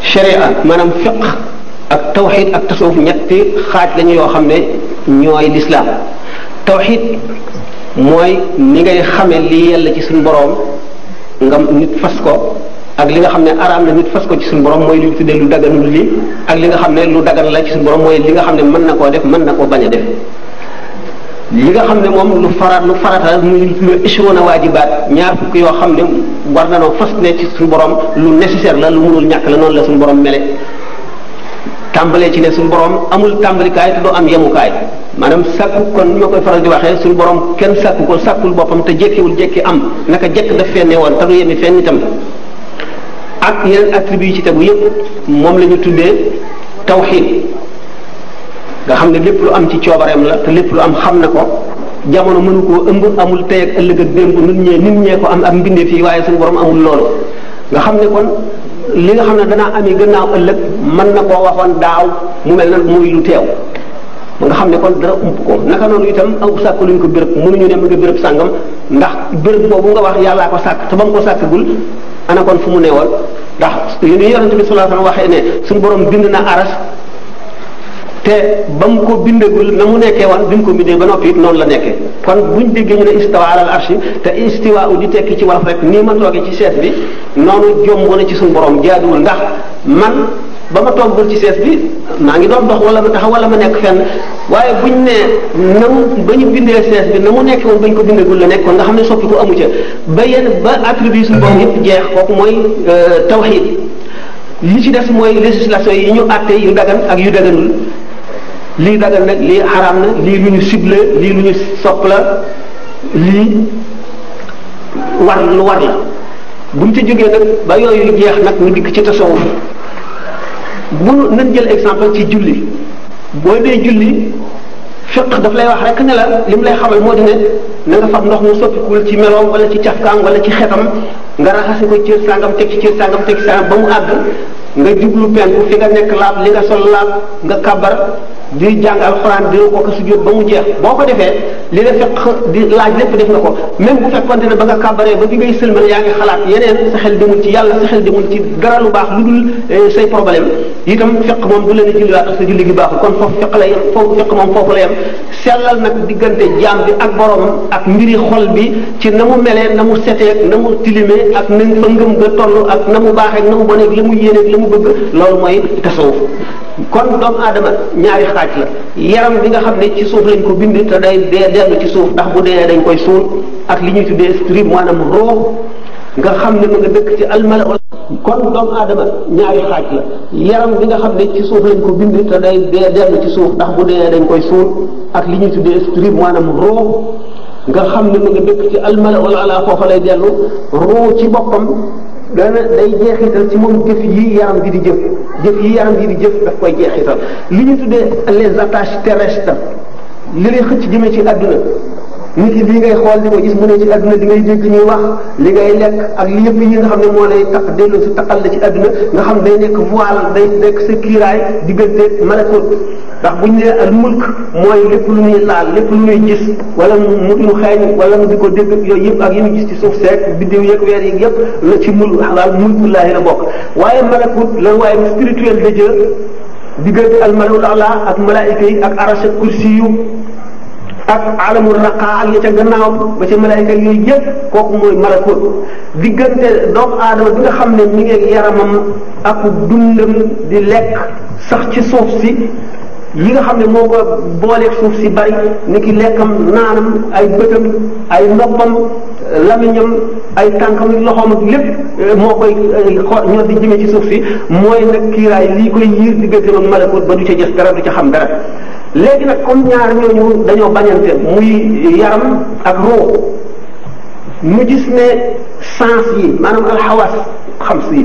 sharia maanaam fiq ak tawxid ak tasawuf ñetti xaaj lañu yoo xam ne ñooy lislaam tawxid mooy ni ngay xame li yàlla ci suñu boroom nga nit fas ko ak li nga xam ne araam na nit fas ko ci suñ borom mooy li ñu tuddee lu daganul li ak nga xam ne lu la ci suñu mooy li nga xam ne mën na koo def mën na koo bañ a def li nga xam ne moom lu faraat lu farata muy lu échoué na waajibaat ñaar fukk yoo xam ne war na noo fas ne ci suñu borom lu nécessaire la lu mënul ñàkk la noonu la suñu borom mele tàmbalee ci ne suñu boroom amul tàmbalikaay te doo am yemukaay maanaam sàkku kon ñoo koy faral di waxee suñu borom kenn sàkku ko sàkkul boppam te jékkiwul jékki am naka jekk daf fenne woon te du yemi fenn itam ak yeneen attribut ci tegu yépp moom la ñu tuddee tawxiid nga xam ne lépp lu am ci coobareem la te lépp lu am xam ne ko jamono mënu koo ëmb amul tey ak ëllëg ak démb nit ñee nit ñee ko am ak mbindeef yi waaye suñu borom amul loolu nga xam ne kon li nga xam ne danaa amee gannaaw ëllëg man na koo waxoon daaw mu mel na muy lu teew ba nga xam ne kon dara ump ko naka noonu itam aw sàkk luñ ko béréb mënuñu ne mu ngi bërëb sàngam ndax béréb boobu nga wax yàllaa ko sàkk te ba mu ko sàkkagul ana kon fu mu ne newoon ndax yonent bi sallallahu alayhi wasallam waxee ne suñu borom bind na aras te ba mu ko bindagul na mu nekkee woon bi mu ko bindee ba noppi it noonu la nekkee kon buñ déggee ñu ne istawa alal arshi te istiwa u di tekki ci wolof rek nii ma toogee ci sees bi noonu jomb na ci suñu boroom jaaduwul ndax man ba ma toog toggul ci sees bi maa ngi doon dox wala ma taxaw wala ma nekk fenn waaye bu ñu nee na mu ba ñu bindee sees bi na mu nekkee woon ba ñu ko bindagul la nekk kon nga xam ne soppi ko amu ca ba yenn ba attribut suñu borom yëpp jeex kooku mooy euh, tawxiid li ci des mooy législation yi ñu àtte yu ak yu daganul lii dagal nag lii xaraam na lii lu ñu ciblé lii lu ñu sopp la lii war lu war la buñ ci jógee nag ba yooyu jeex nag ñu dikk ci tasawuf bu nañ jël exemple ci julli boo dee julli fiq daf lay wax rek ne la li mu lay xamal moo di ne na nga fab ndox mu soppikuwul ci meloom wala ci cafkaam wala ci xetam nga raxase ko cër sàngam teg ci cër sàngam teg ci sàngam ba mu àgg nga jublu penku fi nga nekk laab li nga sol laab nga kabar di jàng alxuraan di ko ko sujjóot ba mu jeex boo ko defee li la fiq di laaj lépp def nga ko même bu fekkonte ne ba nga kabaree ba bi ngay sëlmal yaa ngi xalaat yeneen sa xel demul ci yàlla sa xel demul ci dara lu baax lu dul eh, say problème itam fiq moom bu leen a julliwaat ak sa julli gi baaxul kon foofu fiq la yem foofu fiq moom foofu la yem sellal nag diggante jaam bi ak boroom ak mbiri xol bi ci na mu melee na mu setee na mu tilimee ak na fa ngëm ga toll ak na mu baaxee na mu boneeg la mu yéeneeg la mu bëgg loolu mooy tasawuf kon doomu aadama ñaari xaaj la yaram bi nga xam ne ci suuf lañ ko bind te day dee dellu ci suuf ndax bu dee dañ koy suul ak li ñuy tuddee strib mu roox nga xam ne ma nga dëkk ci almala kon doomu aadama ñaari xaaj la yaram bi nga xam ne ci suuf lañ ko bind te day dee dellu ci suuf ndax bu dee dañ koy suul ak li ñuy tuddee esprit maanaam roo nga xam ne ma nga dëkk ci almala wala ala foofa lay dellu roo ci boppam dana day jeexital ci moom jëf yi yaram gi di jëf jëf yi yaram gi di jëf daf koy jeexital li ñu tuddee les attaches terrestres li lay xëcc jëmee ci àdduna nit yi lii ngay xool li nga gis mu ne ci àdduna li ngay dégg ñuy wax li ngay lekk ak li yëpp yi nga xam ne moo lay taq dellu su taqal la ci àdduna nga xam day nekk voile day nekk sa kiiraay diggante malakut ndax bu ñu nee al mooy lépp lu ñuy laal lépp lu ñuy gis wala mu mu xeeñ wala mu di ko dégg yooyu yëpp ak yi ñu gis ci suuf seek biddiw yeeg weer yi yëpp la ci mul xalaal la bokk waaye malakut la waaye spirituel de Dieu diggante al malakul laa ak malaayika yi ak arache kursi yu ak alamul raqa ak ya ca gannaawam ba ca malaayka yooyu yëpp kooku mooy malakut diggante doomu aadama bi nga xam ne mi ngi yaramam ak dundam di lekk sax ci suuf si yi nga xam ne moo ko booleeg suuf si bari ni ki lekkam naanam ay bëtam ay noppam lamiñam ay tànkam loxoom ak lépp eh, moo koy eh, ñor di jëmee ci suuf si mooy nag kiiraay lii koy yiir diggante ak malakut ba du ca gis dara du ca xam dara léegi nag comme ñaar ñooñu dañoo bañante muy yaram ak ruux mu gis ne sens yi maanaam alxawaas xam si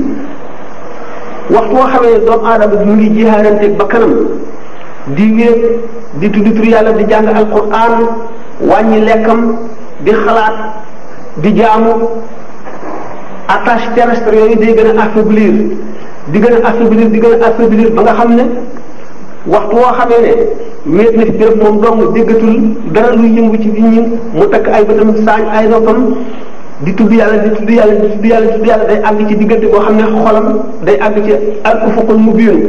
waxtu boo xamee doomu aadama bi mu ngi jihaaranteeg ba kanam di wéet di tudd tur yàlla di jàng alquran wàññi lekkam di xalaat di jaamu attache terrestre yooyu day gën a affaiblir di gën a affaiblir di gën a affaiblir ba nga xam ne waxtu woo xamee ne wéet na fi moom dong déggatul dara luy yëngu ci nit ñi mu takk ay bëtam saañ ay noppam di tudd yàlla di tudd yàlla di tudd yàlla di tudd yàlla day àgg ci diggante boo xam ne xolam day àgg ci al mu mubiin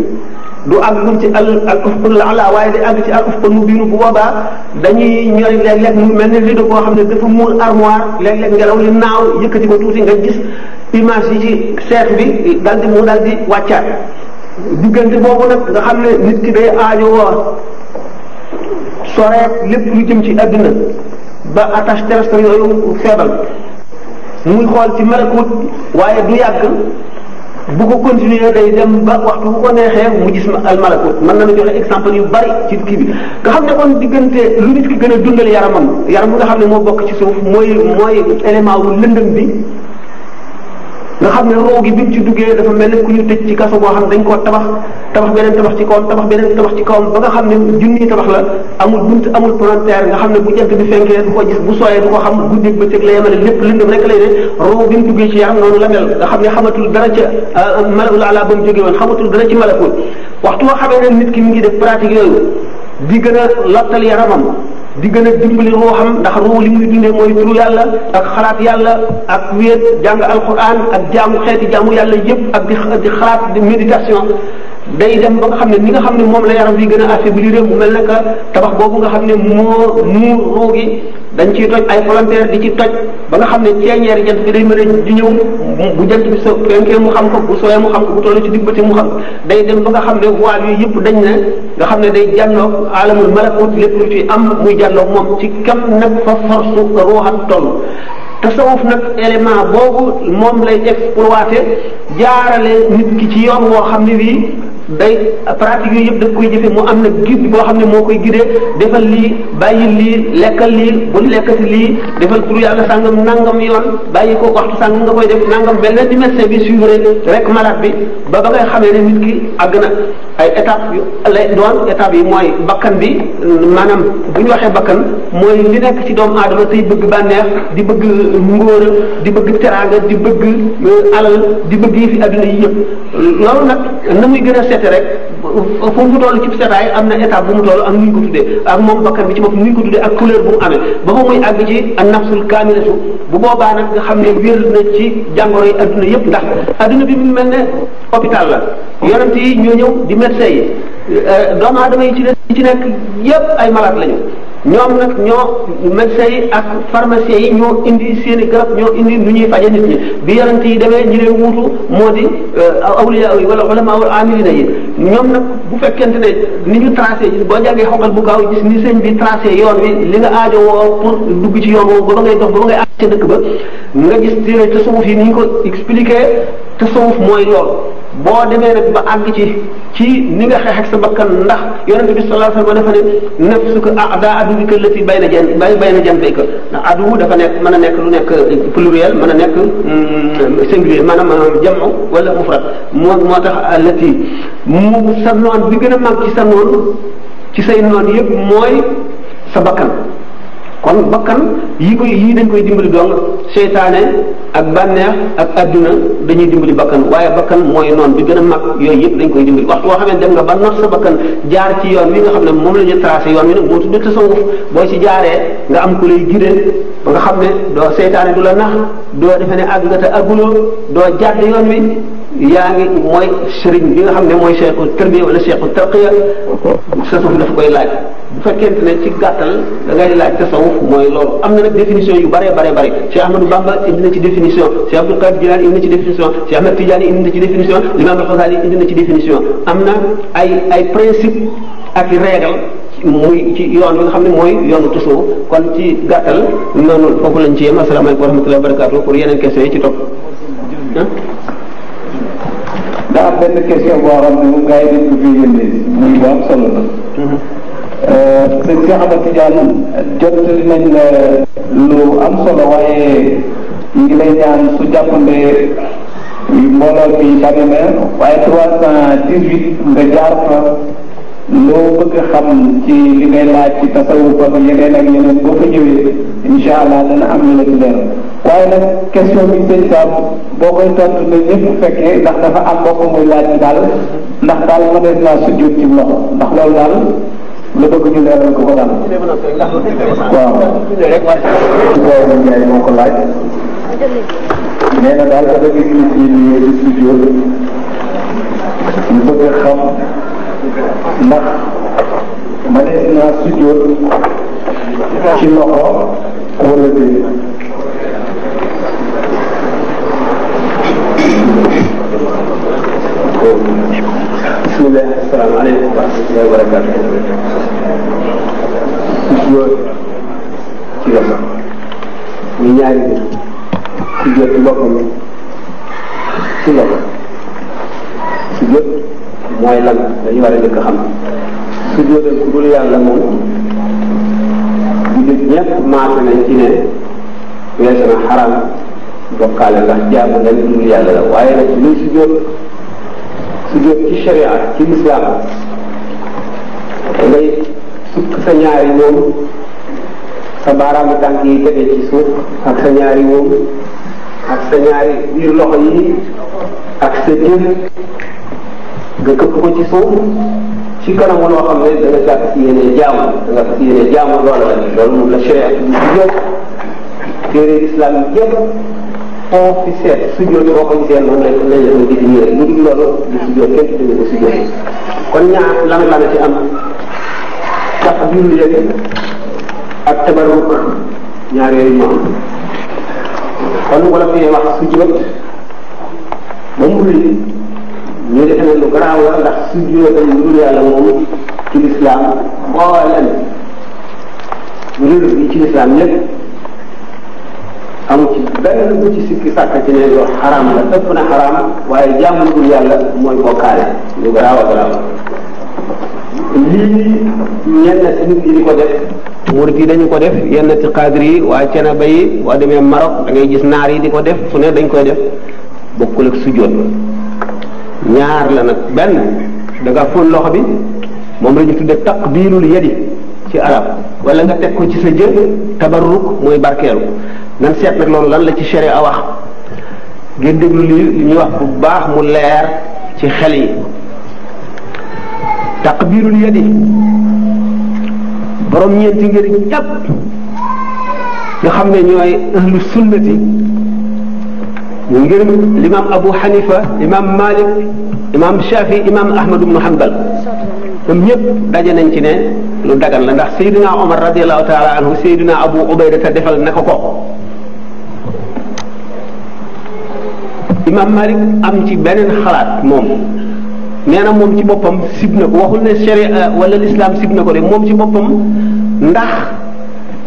du àggul ci al al ufuqul laala waaye day àgg ci al mu mubiin bu boobaa dañuy ñooy léeg-léeg mu mel ne rido koo xam ne dafa muur armoire léeg-léeg ngelaw li naaw yëkkati ko tuuti nga gis image yi ci seet bi daal di mu daal di wàccaat diggante boobu nag nga xam ne nit ki day aajowoo soreet lépp lu jëm ci àdduna ba attache terrestre yooyu feebal muy xool ci melakut waaye du yàgg bu ko continuer day dem ba waxtu bu ko neexee mu ma al malakut mën nañu joxe exemple yu bari ci bi nga xam ne kon diggante lu nit ki gën a dundal yaramam yaram bi nga xam ne moo bokk ci suuf mooy mooy élément wu lëndëm bi nga xam ne roo gi bi mu ci duggee dafa mel ne ku ñu tëj ci kaso boo xam ne dañ koo tabax tabax beneen tabax ci kawam tabax beneen tabax ci kawam ba nga xam ne junni tabax la amul bunt amul palanteer nga xam ne bu jant bi fenkee du ko gis bu sooyee du ko xam guddi ba teg la yemale lépp lëndëm rek lay ne roo bi mu duggee ci yaram noonu la mel nga xam ne xamatul dara euh, ba mu jógee woon xamatul dara ci malakul waxtu woo xamee ne nit ki mi ngi def pratique yooyu di gën a lottal yaramam di gën a dimbali ruuxam ndax ruux li muy dundee mooy turu yàlla ak xalaat yàlla ak wéet jàng alquran ak jaamu xeeti jaamu yàlla yépp ak di di xalaat di méditation day dem ba nga xam ne ni nga xam ne moom la yaram bi gën a bu affaiblir mu mel naka tabax boobu nga xam ne moo muur ruu gi dañ ciy toj ay volontaire di ci toj ba nga xam ne ceeñeeri jant bi day mën a di ñëw bu jant bi so penkee mu xam ko bu sooyee mu xam ko bu tollu ci dibbati mu xam day dem ba nga xam ne voile yooyu yëpp dañ na nga xam ne day jàlloog alamul malakut lépp lu fi am muy jàlloog moom ci kam nag fa force ruuxat toll tasawuf nag élément boobu moom lay exploité jaarale nit ki ci yoon woo xam ne bii day pratique yooyu yëpp da koy jëfe mu am na guide boo xam ne moo koy gidee defal lii bàyyi lii lekkal lii bul lekkati lii defal turu yàlla sàngam nangam yoon bàyyi ko waxtu sàngam nga koy def nangam benn na di médecin bi suivre rek malade bi ba ba ngay xamee ne nit ki àgg na ay étape yu lay doon étape yi mooy bakkan bi maanaam bu ñu waxee bakkan mooy li nekk ci doomu aadama tey bëgg bànneex di bëgg ngóor di bëgg teraanga di bëgg euh, alal di bëgg yi fi adduna yi yëpp seete rek fu mu toll ci setaay am na étape bu mu toll ak nuñ ko tuddee ak moom bakkan bi ci bopp nuñ ko tuddee ak couleur bu mu amee ba fa muy àgg ci an nafsul kaamilatu bu boobaa nag nga xam ne wér na ci jàngoro yi adduna yëpp ndax adduna bi mu mel ne hôpital la yonent yi ñoo ñëw di médecin yi euh, doomu aadama yi ci nekk yëpp ay malade lañu ñoom nag ñoo médecins yi ak pharmaciens yi ñoo indi seen i garab ñoo indi lu ñuy faje nit ñi bi yonent yi demee ñu leen wuutu moo di euh, awliya yi wala ulama wal amilina yi ñoom nag bu fekkente ne ni ñu tracé boo jàngee xoqal bu gaaw gis ni sëñ bi tracé yoon wi li nga aajo woo pour dugg ci yoon woowu ba ngay dox ba ngay àgg ca dëkk ba nga gis téere tasawuf yi ni ñu ko expliqué tasawuf mooy lool boo demee rek ba àgg ci ci ni nga xeex ak sa bakkan ndax yonente bi sallallahu alayhi wa sallam dafa ne nafsuka a'da aduwika lati bay na jan bay bay na jan bayka ndax aduwu dafa nekk mën a nekk lu nekk euh, pluriel mën a nekk mm, singulier maanaam euh, jamu wala mufrad moo moo tax lati mu sa noon bi gën a mag ci sa noon ci say noon yëpp mooy sa bakkan kon bakkan yi ko yii dañ koy dimbali dong seytaane ak bànneex ak adduna dañuy dimbali bakkan waaye bakkan mooy noon bi gën a mag yooyu yëpp dañ koy dimbali waxtu boo xam ne dem nga ba not sa bakkan jaar ci yoon wi nga xam ne moom la ñu yoon wi nag moo tudd tasawuf boo ci jaaree nga am ku lay gidee ba nga xam ne doo seytaane du la nax doo defe ne àgg nga te doo jàdd yoon yaa ngi mooy sëriñ bi nga xam ne mooy seexu tarbiya wala seexu tarqiya tasawuf daf koy laaj bu fekkente ne ci gàttal da ngay laaj tasawuf mooy lool am na nag définition yu bare bare bare Cheikh Ahmadou Bamba indi na ci définition Cheikh Abdul Qadir Jilani indi na ci définition Cheikh Ahmad Tidiane indi na ci définition Imam Al Ghazali indi na ci définition am na ay ay principe ak muy ci yoon wi xam ne mooy yoonu tusoo kon ci gàttal noonu foofu lañ ci yem a wa rahmatullahi wa barakatuh pour yeneen questions yi ci topp daa am benn question boo xam ne moom gars yi dañ ko fi yónnee muy bu mhm. euh, lu am solo waaye ngi lay ñaan su jàppandee mbooloo bi damee na waaye trois cent dix-huit nga jaar fa loo bëgg a xam ci li ngay laaj ci tasawuf ak yeneen ak yeneen boo ko ñëwee allah dana am ñu la ci leer waaye nag question bi sëñ Sam boo koy tontu ne ñëpp fekkee ndax dafa am mbokk muy laaj daal ndax daal mënees naa sujjóot ci loxo ndax loolu daal la bëgg ñu leeral ko ko daal. waaw. waaw Ndiaye ko laaj. nee na daal dafa gis ñu ci sujjóot ñu bëgg xam. ndax ma ne naa sujjóot ci loxo wala déedéet bismillah asalaamaaleykum wa rahmatulah wa barakaatu sujjóot ci loxo ñu ñaari bi sujjóot ci boppam ci loxo mooy lan dañu war a jëkk xam su jóotal ku dul yàlla moom jullit ñépp maase nañ ci ne weesu na xaram bokkaale ndax jaamu nga ku dul yàlla la waaye nag luy su jóot su ci sharia ci lislaam ngay sukk sa moom sa baaraamu tànk yi tege ci suuf ak sa moom ak sa ñaari biir loxo yi ak sa jël nga këpp ko ci suuf ci kanamu loo xam ne da nga saa fas yéene jaamu jaamu loolu la sharia yëpp téere islam yëpp foo fi seet sujjoot boo ko gisee noonu lañ lañ la ko gis nii rek ñu ngi loolu di sujjoot ko sujjoot kon ñaar lan la ci am tax julli yëg ak tabarruk ñaar yooyu ñoo am kon wala fi wax sujjoot ba mu ñu ne lu garaaw la ndax sujjóot tamit lu dul yàlla moomu ci lislaam mbooleem mbir yi ci lislaam ñëpp amu ci benn bu ci ci ne lu dul yàlla mooy bokkaale lu garaaw a garaaw lii ñenn ci nit yi di ko def murit yi dañu ko def yenn ci cadre yi waa Cenaba yi waa demee Maroc da gis naar yi di ko def fu ne dañ koy def bokkul ak sujjóot ñaar la nag benn da nga loxo bi moom la ñu tuddee taqbiilul yadi ci arab wala nga teg ko ci sa jë tabarruk mooy barkeelu nan seet nag loolu lan la ci a wax ngeen déglu li li ñuy wax bu baax mu leer ci xel yi taqbiirul yadi borom ñeenti ngir jàpp nga xam ne ñooy ahlu sunnati ngir l'imam Abu Hanifa imam Malik imam Shafi imam Ahmad ibn Hanbal ñoom ñëpp daje nañ ci ne lu dagan la ndax Seydina Omar radiyallahu taala anhu Seydina Abu Ubayda te defal na ko ko imam Malik am ci beneen xalaat moom nee na moom ci boppam sib na ko waxul ne sharia wala l'islam sib na ko de moom ci boppam ndax.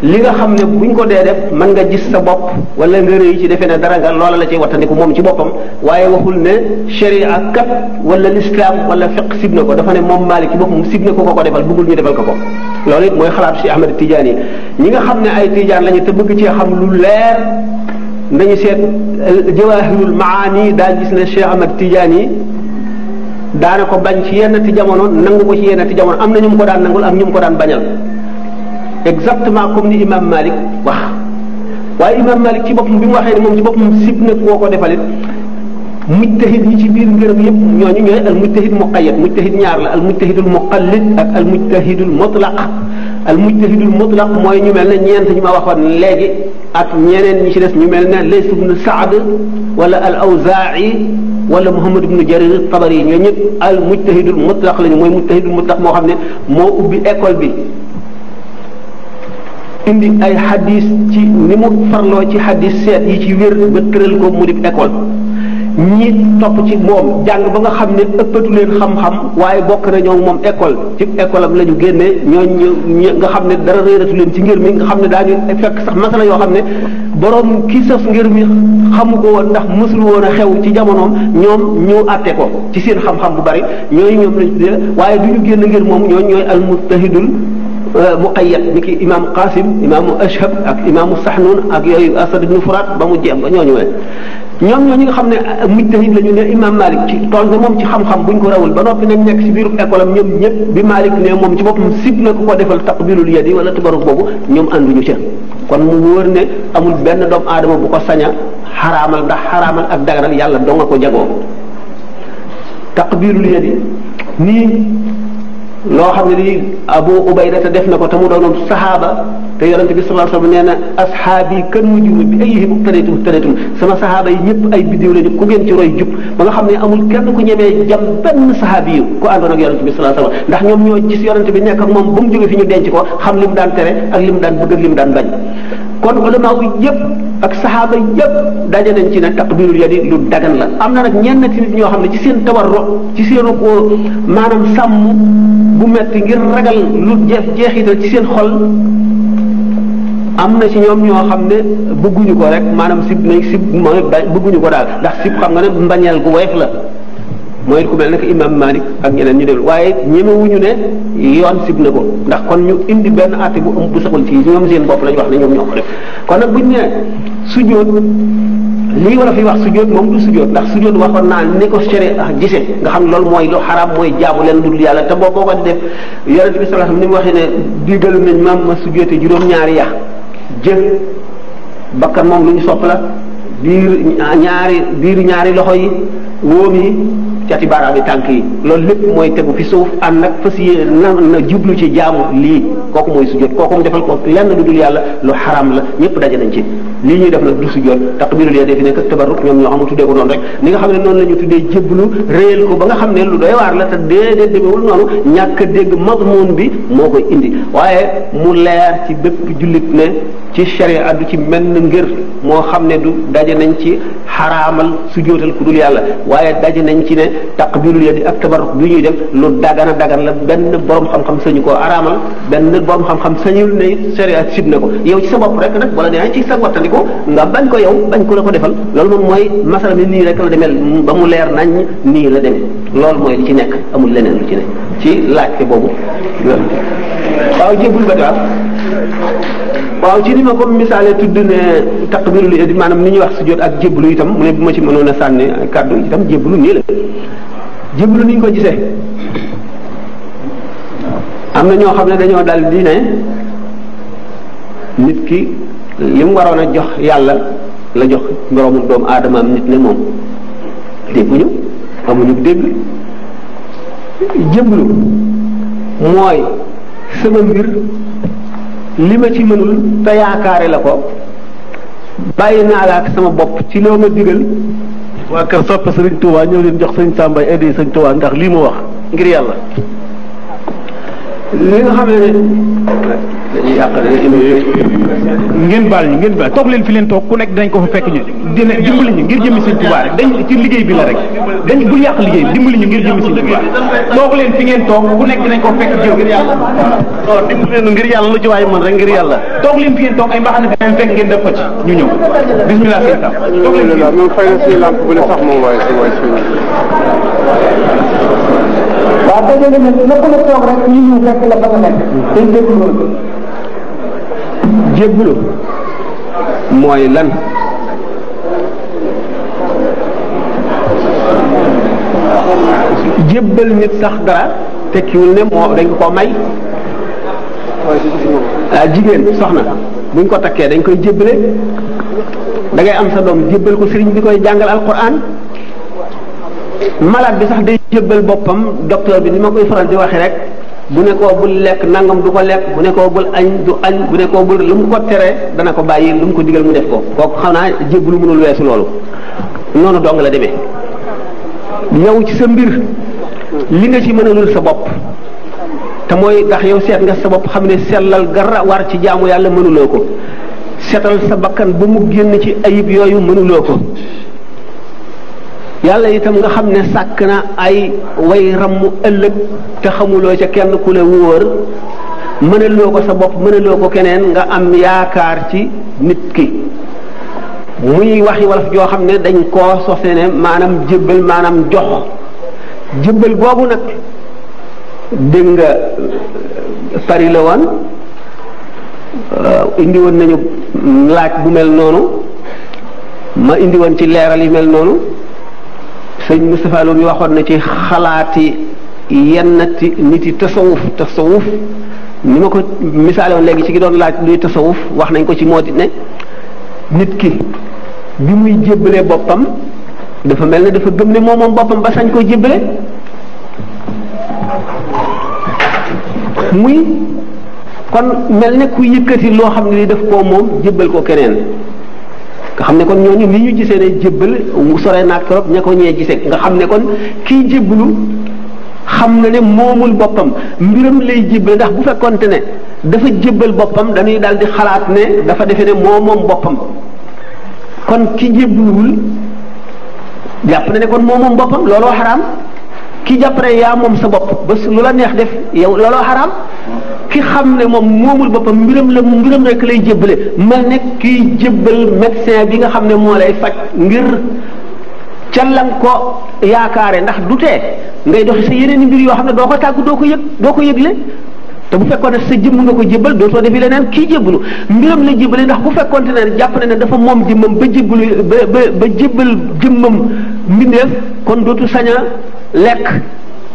li nga xam ne buñ ko dee def man nga gis sa bopp wala nga rëy ci defe ne dara nga loola la ci wattandiku moom ci boppam waaye waxul ne sharia kat wala l'islam wala fiq sib na ko dafa ne moom Maalik ci boppam sib na ko ko ko defal bëggul ñu defal ko ko loolu it mooy xalaat si Ahmed Tidiane yi ñi nga xam ne ay Tidiane lañu te bëgg cee xam lu leer nañu seet euh, jawahirul maani daal gis ne Cheikh Ahmed Tidiane yi daana ko bañ ci yenn ti jamono nangu ko ci yenn ti jamono am na ñu mu ko daan nangul am ñu ko daan bañal exactement comme ni imam Malik wax waaye imam Malik ci boppam bi mu waxee ne moom ci boppam sib na koo ko defalit mujtahid yi ci biir ngërëm yëpp ñooñu ñooy al mujtahid muqayyad mujtahid ñaar la al mujtahidul muqallid ak al mujtahidul mutlaq al mujtahidul mutlaq mooy ñu mel ne ñeent ñu ma waxoon léegi ak ñeneen ñi ci des ñu mel ne Lays ibnu Saad wala al Awzaa'i wala Muhammad ibnu Jarir Tabari ñoo ñëpp al mujtahidul mutlaq lañu mooy mujtahidul mutlaq moo xam ne moo ubbi école bi indi ay xadis ci ni mu farloo ci xadis seet yi ci wér ba tëral ko mu di école ñi topp ci moom jàng ba nga xam ne ëppatu leen xam-xam waaye bokk na ñoo moom école ci école am la ñu génnee ñooñu nga xam ne dara réeratu leen ci ngir mi nga xam ne daañu fekk sax masala yoo xam ne borom kii sos mi xamu ko woon ndax mësul woon a xew ci jamonoom ñoom ñoo àtte ko ci seen xam-xam bu bari ñooñu ñoom lañ tuddee waaye du génn ngir moom ñooñu ñooy almustahidul Euh, muqayyad ni ki imaamu qasim imaamu ashhab ak imaamu saxnuun ak yooyu asad ibnu furaat ba mu jeem ba ñooñu leen ñoom ñoo ñi nga xam ne euh, mujtahid la ñu ne imam malik ci tool ne moom ci xam-xam buñ ko rawul ba noppi nañ nekk ci biiru école am ñoom ñëpp bi malik ne moom ci boppam sib na ko ko defal taqbilul yadi wala tabaruk boobu ñoom ànduñu ca kon mu wóor ne amul benn doomu aadama bu ko sañ a xaraamal ndax xaraamal ak daganal yàlla doo nga ko jagoo loo xam ne lii Abu Ubayda te def na ko te mu doonoon saxaaba te yonente bi sallallahu nee na asxaab yi kan mu jub bi ayihim muqtadaytum muqtadaytum sama saxaaba yi ñëpp ay biddiw lañu ku ngeen ci roy jub ba nga xam ne amul kenn ku ñemee jam benn saxaabi yi ku àndoon ak yonente bi sallallahu alayhi wasallam ndax ñoom ñoo gis yonente bi nekk ak moom ba mu jóge fi ñu denc ko xam li mu daan tere ak li mu daan bëgg ak li daan bañ kon ulama yi yëpp ak saxaaba yëpp daje nañ ci ne taqbilul yadi lu dagan la am na nag ñenn ci nit ñoo xam ne ci seen tawarro ci seenu ko maanaam sàmm bu metti ngir ragal lu jeex jeexital ci seen xol am na ci ñoom ñoo xam ne bëgguñu ko rek maanaam sib nañ sib mooy bëgguñu ko daal ndax sib xam nga ne mbañeel gu woyof la mooy ku mel ne imam Malik ak ñeneen ñu del waaye ñemewuñu ne yoon sib na ko ndax kon ñu indi benn àtte bu am bu saxul ci ñoom seen bopp lañu wax ne ñoo ko def sujjóot lii wala fi wax sujjóot moom du sujjóot ndax sujjóot waxoon naa ni ko sere ah gise nga xam ne loolu mooy lu xaraam mooy jaamu leen dul yàlla te boo boo ko di def yonent bi sallallahu alayhi wasallam ni mu waxee ne nañ maam ma sujjóote juróom-ñaari yax jë bakkan moom lu ñu sopp la ñaari biir ñaari loxo yi wóom yi cati baaraam tànk yi loolu lépp mooy tegu fi suuf ànd ak fas yéene na na jublu ci jaamu lii kooku mooy sujjóot kooku mu defal ko lenn lu dul yàlla lu xaram la ñëpp daje nañ ci lii ñuy def nag du sujjoot taqbirul yadee fi nekk ak tabarruk ñoom ñoo xamul tuddee ko noonu rek ni nga xam ne noonu la ñu tuddee jébbalu réyal ko ba nga xam ne lu doy waar la te déedéet demewul noonu ñàkk dégg bi moo koy indi waaye mu leer ci bépp jullit ne ci sharia du ci menn ngir moo xam ne du daje nañ ci xaraamal sujjootal ku dul yàlla waaye daje nañ ci ne taqbirul yadi ak tabarruk bi ñuy def lu dagan a dagan la benn borom xam-xam sañu ko aramal benn borom xam-xam sañul ne sharia sib na ko yow ci sa bopp rek nag wala nee ko nga bañ ko yow bañ ko la ko defal loolu moom mooy masala mi nii rek la demee ba mu leer nañ nii la demee loolu mooy li ci nekk amul leneen lu ci ne ci laajte boobu waaw jébul ba daal waaw ci ni ma ko misaale tudd ne takbirul di maanaam ni ñuy wax sujjóot ak jéblu itam mu ne bu ma ci mënoon a sànni kàddu itam jéblu nii la jéblu ni ñu ko gisee am na ñoo xam ne dañoo dal di nit ki li mu waroon a jox yàlla la jox mboroomu doomu aadamaam nit ne moom dégguñu amuñu dégg jëblu mooy sama mbir li ma ci mënul te yaakaare la ko bàyyi naa la ak sama bopp ci loo ma digal waa kër soppe sëriñ Tuubaa ñëw leen jox sëñ Samba aide yi sëñ Tuubaa ndax lii mu wax ngir yàlla li nga xam ne dañuy yàqal ngeen baal ñu ngeen baal toog leen fi leen toog ku nekk dañ ko fa fekk ñu dina dimbali ñu ngir jëmi sëñ Tuubaa rek dañ ci liggéey bi la rek dañ bul yàq liggéey bi ñu ngir jëmi sëñ Tuubaa toog leen fi ngeen toog ku nekk dañ ko fekk jëw ngir yàlla non dimbali leen ngir yàlla lu ci waay man rek ngir yàlla toog leen fi ngeen toog ay mbaxane fi fekk ngeen def ko ci ñu ñëw bismillah sëñ jébbalu mooy lan jébbal nit sax dara tekkiwul ne moo dañ ko may ah, jigéen soxna buñ ko takkee dañ koy jébbale dangay am sa doom jébbal ko sëriñ bi koy jàngal alquran malaat bi sax day jébbal boppam docteur bi ni ma koy faral di waxee rek bu nekkoo bul lekk nangam du ko lekk bu nekkoo koo bul añ du añ bu nekkoo koo bul lu mu ko tere dana ko bàyyi lu mu ko digal mu def ko kooku xam naa mënul weesu loolu noonu dong la demee yow ci sa mbir li nga ci mënalul sa bopp te mooy ndax yow seet nga sa bopp xam ne sellal gara war ci jaamu yàlla mënuloo ko seetal sa bakkan ba mu génn ci ayib yooyu mënuloo ko yàlla itam nga xam ne sàkk na ay way ramm ëllëg te xamuloo ca kenn ku la wóor mënaloo ko sa bopp mënaloo ko keneen nga am yaakaar ci nit ki muy waxi wolof joo xam ne dañ koo sose ne maanaam jébbal maanaam jox jébbal boobu nag dégg nga Paris la woon euh, indi nañu laaj bu mel noonu ma indi woon ci leeral yi mel noonu sëñ Moustapha Lo mi waxoon na ci xalaati yennati nit yi tasawuf tasawuf ni ma ko misaale léegi ci ki doon laaj luy tasawuf wax nañ ko ci moo di ne nit ki bi muy jébbalee boppam dafa mel ne dafa gëm ne moom boppam ba sañ koo jébbale muy kon mel ne ku yëkkati loo xam ne li daf koo moom jébbal ko keneen nga xam ne kon ñooñu li ñu gisee ne jébbal sore naag trop ña ko ñee gisee nga xam ne kon kii jébbalu xam na ne moomul boppam mbiram lay jébbal ndax bu fekkonte ne dafa jébbal boppam dañuy daal di xalaat ne dafa defe ne moo moom boppam kon ki jébbaluwul jàpp na ne kon moo moom boppam looloo xaraam ki jàpp ne yaa moom sa bopp ba lu la neex def yow looloo xaraam ki xam ne moom moomul boppam mbiram la mbiram rek lay jébbale mel ne kiy jébbal médecin bi nga xam ne moo lay faj ngir ca la nga ko yaakaare ndax du tee ngay doxi sa yeneen mbir yoo xam ne doo ko tàggu doo ko yëg doo ko yëgle te bu fekkoon ne sa jëmm nga ko jébbal dootoo defi leneen kii jébbalu mbiram la jébbale ndax bu fekkoon ne jàpp na ne dafa moom jëmmam ba jébbalu ba ba jébbal jëmmam mbindeef kon dootu saña lekk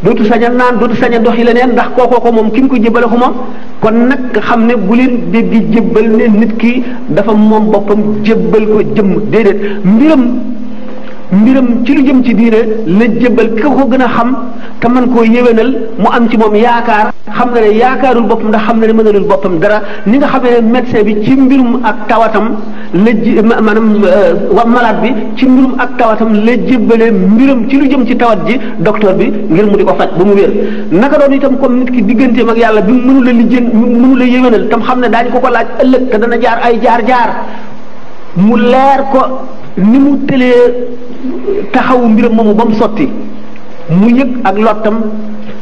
dootu sañ naan dootu sañ a doxi leneen ndax kookoo ko moom ki nga ko jëbale xuma kon nag xam ne bu leen dégg jëbbal ne nit ki dafa moom boppam jëbbal ko jëmm déedéet mbiram mbiram ci lu jëm ci diine la jëbal ki ko gën a xam te man koo yéwénal mu am ci moom yaakaar xam na ne yaakaarul boppam ndax xam na ne mënalul boppam dara ni nga xam ne médecin bi ci mbirum ak tawatam la ji maanaam euh, wa malade bi ci mbirum ak tawatam la jëbale mbiram ci lu jëm ci tawat ji docteur bi ngir mu di ko ba mu wér naka doon itam comme nit ki digganteem ak yàlla bi mu mënula lijjën mënula yéwénal tam xam ne daañu ko ko laaj ëllëg te dana jaar ay jaar jaar mu leer ko ni mu tëlee taxawu mbiram moomu ba mu sotti mu yëg ak lottam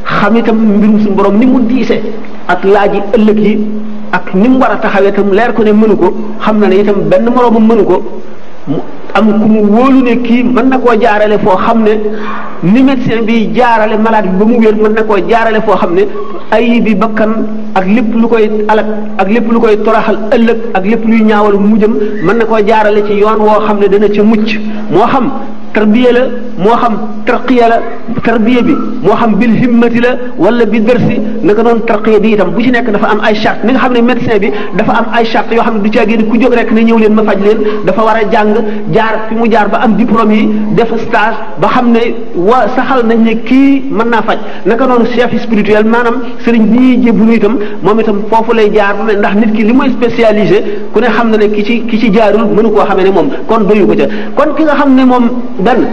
xam itam mbirum suñu borom ni mu diise ak laaj yi ëllëg yi ak ni mu war a taxawee itam leer ko ne mënu ko xam na ne itam benn moroomam mënu ko mu am ku mu wóolu ne kii mën na koo jaarale foo xam ne ni médecin bi jaarale malade bi ba mu wér mën na koo jaarale foo xam ne ayi bi bakkan ak lépp lu koy alak ak lépp lu koy toroxal ëllëg ak lépp luy ñaawal mujjam mën na koo jaarale ci yoon woo xam ne dana ca mucc moo xam tarbiya la moo xam tarqiya la tarbiya bi moo xam bil himmati la wala bi dersi naka noonu tarqiya bi itam bu ci nekk dafa am ay charte ni nga xam ne médecin bi dafa am ay charte yoo xam ne du caa génn ku jóg rek ne ñëw leen ma faj leen dafa a jàng jaar fi mu jaar ba am diplôme yi def ba xam ne wa saxal nañ ne kii mën naa faj naka noonu chef spirituel maanaam sëriñ bi ñuy jébbalu itam moom itam foofu lay jaar ba ndax nit ki li muy spécialisé ku ne xam na ne ki ci ki ci jaarul mënu koo xamee ne moom kon doyu ko ca kon ki nga xam ne moom benn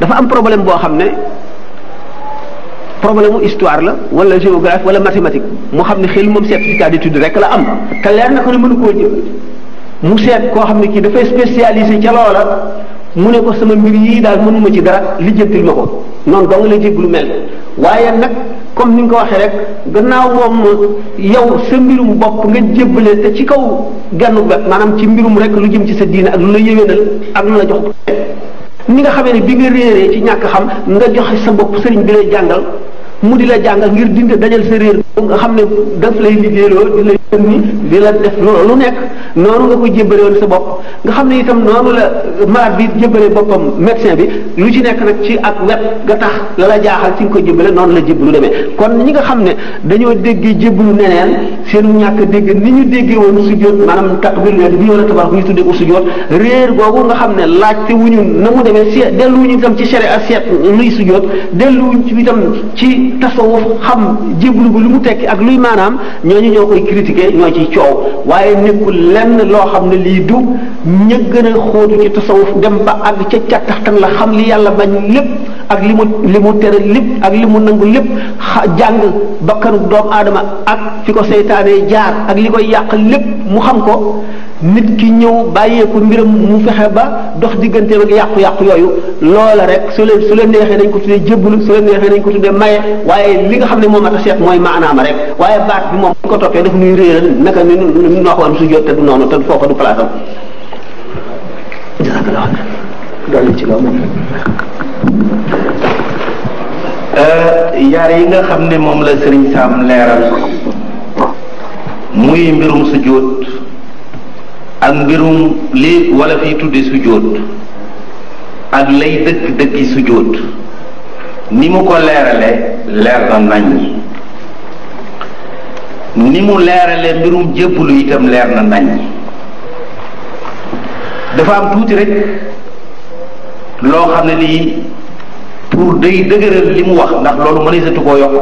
dafa am problème boo xam ne problème mu histoire la wala géographie wala mathématique mu xam ne xel moom certificat d'étude rek la am te leer na ko ne mënu koo jël mu seet koo xam ne kii dafay spécialisé ca loola mu ne ko sama mbir yii daal mënuma ci dara lijjantil ma ko noonu dong la lu mel waaye nag comme ni nga ko waxee rek gannaaw moom yow sa mbirum bopp nga jébbale te ci kaw gannu wet maanaam ci mbirum rek lu jëm ci sa diine ak lu la yéwénal ak la jox ni nga xamee ne bi nga réeree ci ñàkk xam nga joxe sa bopp sëriñ bi lay jàngal mu di la jàngal ngir dindi dajal sa réer nga xam ne daf lay liggéeyloo di la yónni di la def lu nekk noonu nga ko jébbale woon sa bopp nga xam ne itam noonu la malade bi jébbale boppam médecin bi lu ci nekk nag ci ak wet ga tax la la jaaxal ci nga ko jébbale noonu la jébbalu demee kon ñi nga xam ne dañoo déggee jébbalu neneen seen ñàkk dégg ni ñu déggee woon sujjóot maanaam takbir bi ñu war a tabax bu ñu tuddee sujjóot réer boobu nga xam ne laajte wuñu na mu demee seet delluwuñu itam ci sere a seet luy sujjóot delluwuñu itam ci ci tasawuf xam jéblu bi lu mu tekki ak luy maanaam ñooñu ñoo koy critiquer ñoo ciy coow waaye nekkul lenn loo xam ne lii du ña gën a xóotu ci tasawuf dem ba àgg ca càttaxtan la xam li yàlla bañ lépp ak li mu li mu tere lépp ak li mu nangu lépp xa jàng bakkanu doomu aadama ak fi ko seytaanee jaar ak li koy yàq lépp mu xam ko nit ki ñëw bàyyeeku mbiram mu fexe ba dox digganteem ak yàqu-yàqu yooyu loola rek su leen su leen neexee dañ ko tuddee jébbalu su leen neexee dañ ko tuddee maye waaye li nga xam ne moom a tax mooy maanaama waaye baat bi moom ko toppee daf nuy réeral naka ni nu waxoon su jot te noonu te foofa du place am. yaar euh, yi nga xam ne moom la Serigne Sam leeral muy mbirum sujjóot ak mbirum li wala fi tudde sujjóot ak lay dëgg dëggi sujjóot ni mu ko leerale leer na nañ ni mu leerale mbirum jébbalu itam leer na nañ dafa am tuuti rek loo xam ne lii pour day dëgëral li mu wax ndax loolu mëneesatu koo yokk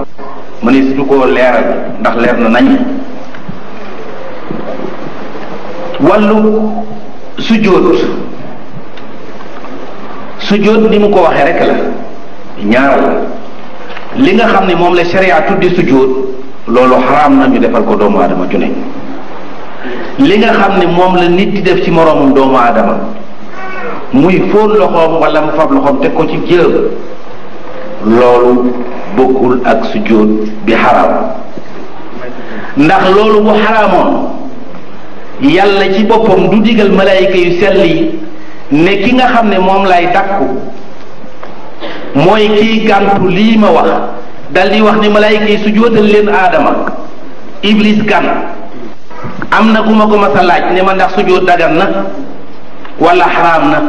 mëneesatu koo leeral ndax leer na nañ wàllu sujjóot sujjóot ni mu ko waxee rek la ñaar li nga xam ne moom la sharia tuddi sujjóot loolu xaraam na ñu defal ko doomu aadama ju ne li nga xam ne moom la nit di def ci moroomum doomu aadama muy fóon loxoom walla mu fab loxoom teg ko ci jëb loolu bokkul ak sujjóot bi xaraam ndax loolu bu xaraamoon yàlla ci boppam du digal malaayika yu sell yi ne ki nga xam ne moom lay takku mooy kii gàntu lii ma wax dal di wax ni malaayika yi su jóotal leen aadama iblis gan am na ku ma ko mas a ne ma ndax sujjóot dagan na wala xaraam na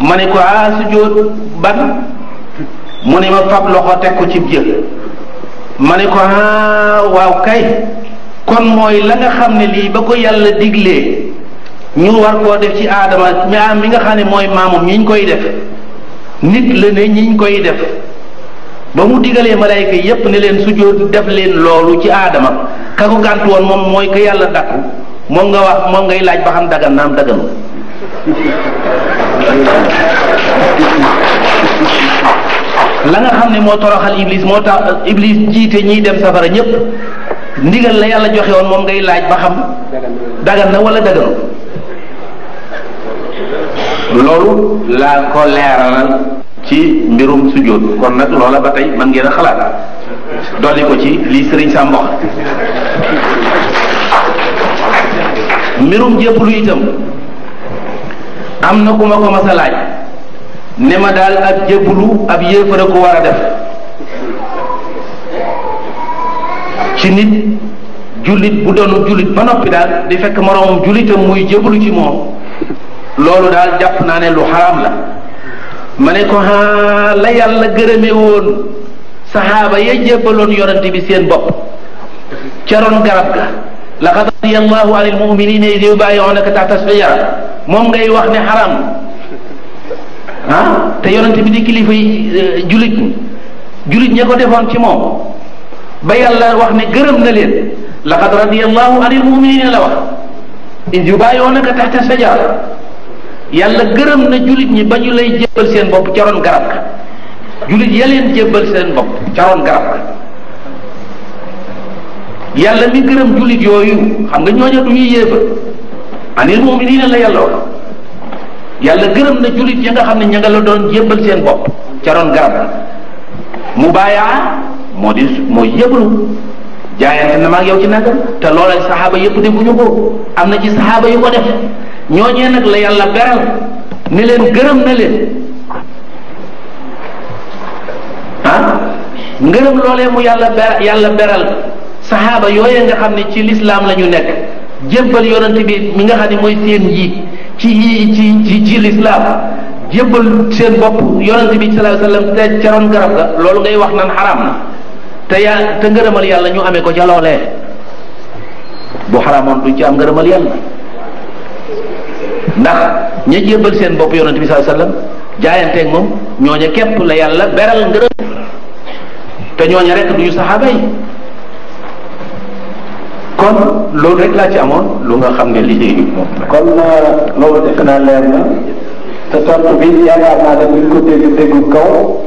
ma ne ko ah sujjóot ban mu ne ma fab loxo teg ko cib jë ma ne ko ah waaw kay kon mooy la nga xam ne lii ba ko yàlla diglee ñu war koo def ci aadama mi am mi nga xam ne mooy maamum ñi ñu koy def nit la ne ñi ñu koy def ba mu digalee malayka yépp ne leen sujjóot def leen loolu ci aadama ka ko gàntu woon moom mooy ko yàlla dakku moom nga wax moom ngay laaj ba xam dagan naam daganu la nga xam ne moo toroxal iblis moo tax iblis jiite ñiy dem safara ñépp ndigal la yàlla joxe woon moom ngay laaj ba xam dagan na wala daganu loolu laa ko leeralal ci mbirum sujjóot kon nag loola ba tey mën ngeen a xalaat dolli ko ci lii sëriñ sa mbox mbirum jébbalu itam am na ku ma ko mas laaj ne ma daal ab jébbalu ab yéefara ko war a def ci nit jullit bu doon jullit ba noppi daal di fekk moroomam jullitam muy lu ci moom loolu daal jàpp naa ne lu xaraam la ma ne ko ha la yàlla gërëme woon saxaaba ya jébbaloon yonante bi seen bopp ca ron garab ga laqad radiyallahu anil muminina id yubayi'unaka tahta shajara moom ngay wax ne xaraam ah te yonante bi di kilifa yi eh, jullit jullit ña ko defoon ci moom ba yàlla wax ne gërëm na leen laqad radiyallahu anil muminina la wax iz yubaayunaka tahta sajara yàlla gërëm na julit ñi ba ñu lay jébbal seen bopp ca ron garab ga leen jébbal seen bopp yàlla mi gërëm jullit yooyu xam nga ñooñu du ñuy yéeba anil muminina la yàlla wax yàlla gërëm na jullit ya nga xam ne ña nga la doon jébbal seen bopp ca ron garab ga mu baayaa moo di mooy yëblu jaayante na maag yow ci nangam te loolee saxaaba yëpp defuñu ko am na ci saxaaba yu ko def ñooñee nag la yàlla beral ne leen gërëm na leen ah ngërëm loolee mu yàlla ber yàlla beral saxaaba yooyee nga xam ne ci lislaam la ñu nekk jébbal yonent bi mi nga xam ne mooy seen njiit ci yi ci lislaam jébbal seen bopp yonent bi sallallahu alayhi wasallam te caroon garab ga loolu ngay wax naan xaraam na te yaa te ngërëmal yàlla ñu amee ko ca loolee bu xaramoon duñ ci am ngërëmal yàlla ndax ña jébbal seen bopp yonent bi sallallahu alayhi wasallam jaayanteeg moom ñooña képp la yàlla beral ngërëm te ñooña rek duñu saxaaba yi kon loolu rek laa ci amoon lu nga xam ne liggéey bi moom kon euh, loolu defe naa leer na te tontu bi yaakaar naa ne buñ ko dégg déggu kaw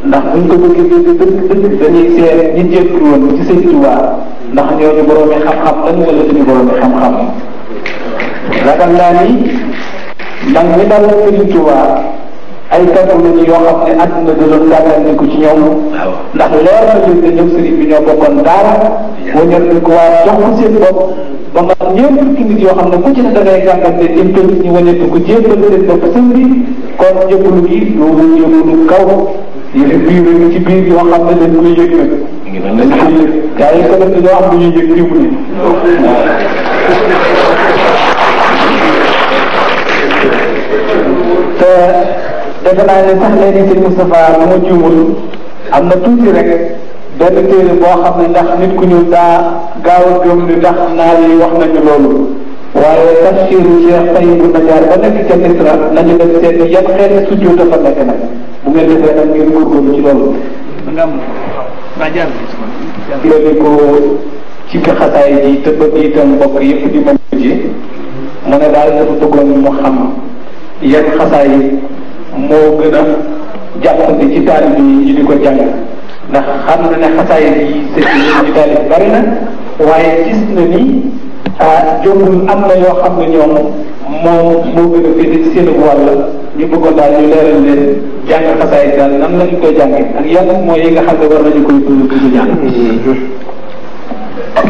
ndax buñ ko bëggee dëgg dëgg dañuy seere ñi jékku woon ci sëñ ndax ñooñu boroomi xam-xam lañu xam-xam ragal naa ni man mi dal sëñ Tuubaa ay kàddu xam ne àdduna da ni ko ci ñoom ndax leer na ñu sëriñ bi ñoo bokkoon daara wañal ni ko waa jox ko seen bopp ba nga ñeent fukki yoo xam ne ku ci ne da ngay gàngal ne impéris ñu wañal ko jébbal seen bopp sëñ bi kon jébbalu gi loolu jébbalu kaw yéen biir yi ci biir yoo xam ne dañ koy yëg nag. dañ koy yëg gars yi tamit dañoo am lu ñuy yëg jiwu nii. te defe naa ne sax léegi sëñ Moustapha bu ma juumul am na tuuti rek benn téere boo xam ne ndax nit ku ñuul daa gaaw a gëm ni ndax naar yi wax nañu loolu. waaye tafsiru Cheikh Tayyib Najaar ba nekk ca Misra nañu dem seetlu yan xeetu sujjóot dafa nekk bu ngeen defee nag ngeen góorgóorlu ci loolu. mën naa am naa jàll ci loolu ko ci xasaay ji te bëgg itam mbokk yëpp di mën a ji mu daal dafa bëggoon mu xam yan xasaay moo gën a jàng ndax xam na ne xasaay yi sëñ ci taalib bari na waaye gis na ni ah am na yoo xam ne ñoom moo moo gën a féete seen wàll ñu bëggoon daal ñu leeral leen. jàng xasaay daal nan lañu koy ak yan mooy yi nga xam ne war nañu koy dund di ko jàng. Mm-hmm.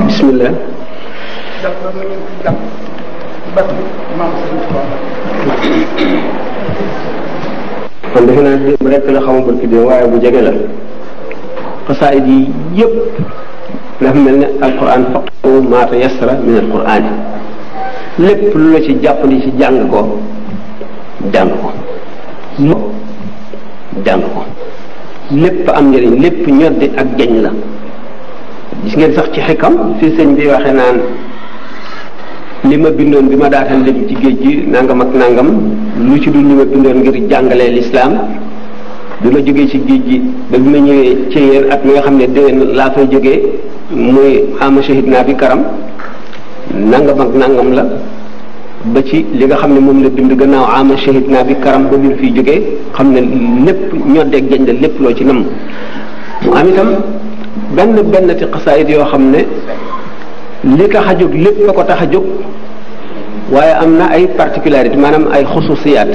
bisimilah. kon defe la xamul waaye bu jege la xasaayid yi yëpp dafa mel ne alquran faqru lu ci jàpp ni ci jàng ko jàng ko. jàng ko lépp am njëriñ lépp ñoddi ak jañ la gis ngeen sax ci xikam fi sëñ bi waxe naan li ma bindoon bi ma daatal dem ci géej gi nangam ak nangam lu ci dul li ma bindoon ngir jàngalee lislaam bi ma jógee ci géej gi ba bi ma ñëwee ci yéen at mi nga xam ne déwén laa fay jógee muy ama shahid naa bi karam nangam ak nangam la ba ci li nga xam ne moom la bind gannaaw ama shahid naa bi karam ba bi mu fiy jógee xam ne lépp ñoddeeg jañ la lépp loo ci nam mu am itam benn benn ci xasaayit yoo xam ne li tax a jóg lépp a ko tax a jóg waaye am na ay particularité maanaam ay xususiyaat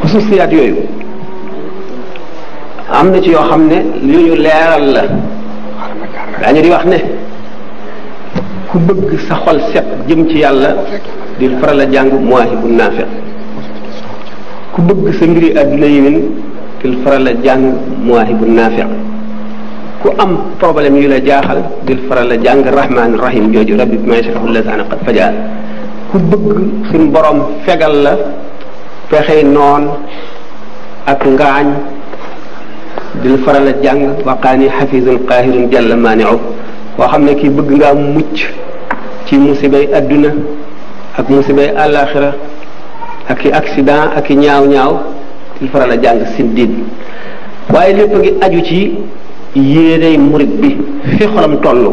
xususiyaat yooyu am na ci yoo xam ne lu ñu leeral la daañu di wax ne ku bëgg sa xol set jëm ci yàlla di faral a jàng Mawaahibu Naafi' ku bëgg sa mbiri àdduna yéwén dil faral a jàng Mawaahibu Naafi' ku am problème yu la jaaxal dil faral a jàng Rahmaani Rahim jooju rabbi bimaa yashrahul lasaana qad fajaa ku bëgg suñ borom fegal la fexe noon ak ngaañ dil faral a jàng waqaani xafizun qaahirun jalla maaniu koo xam ne kii bëgg ngaa mucc ci musibay adduna ak musibay àllaaxira ak i accident ak i ñaaw ñaaw il faral a jàng sin diin waaye lépp a ngi aju ci yéeney murit bi fi xolam toll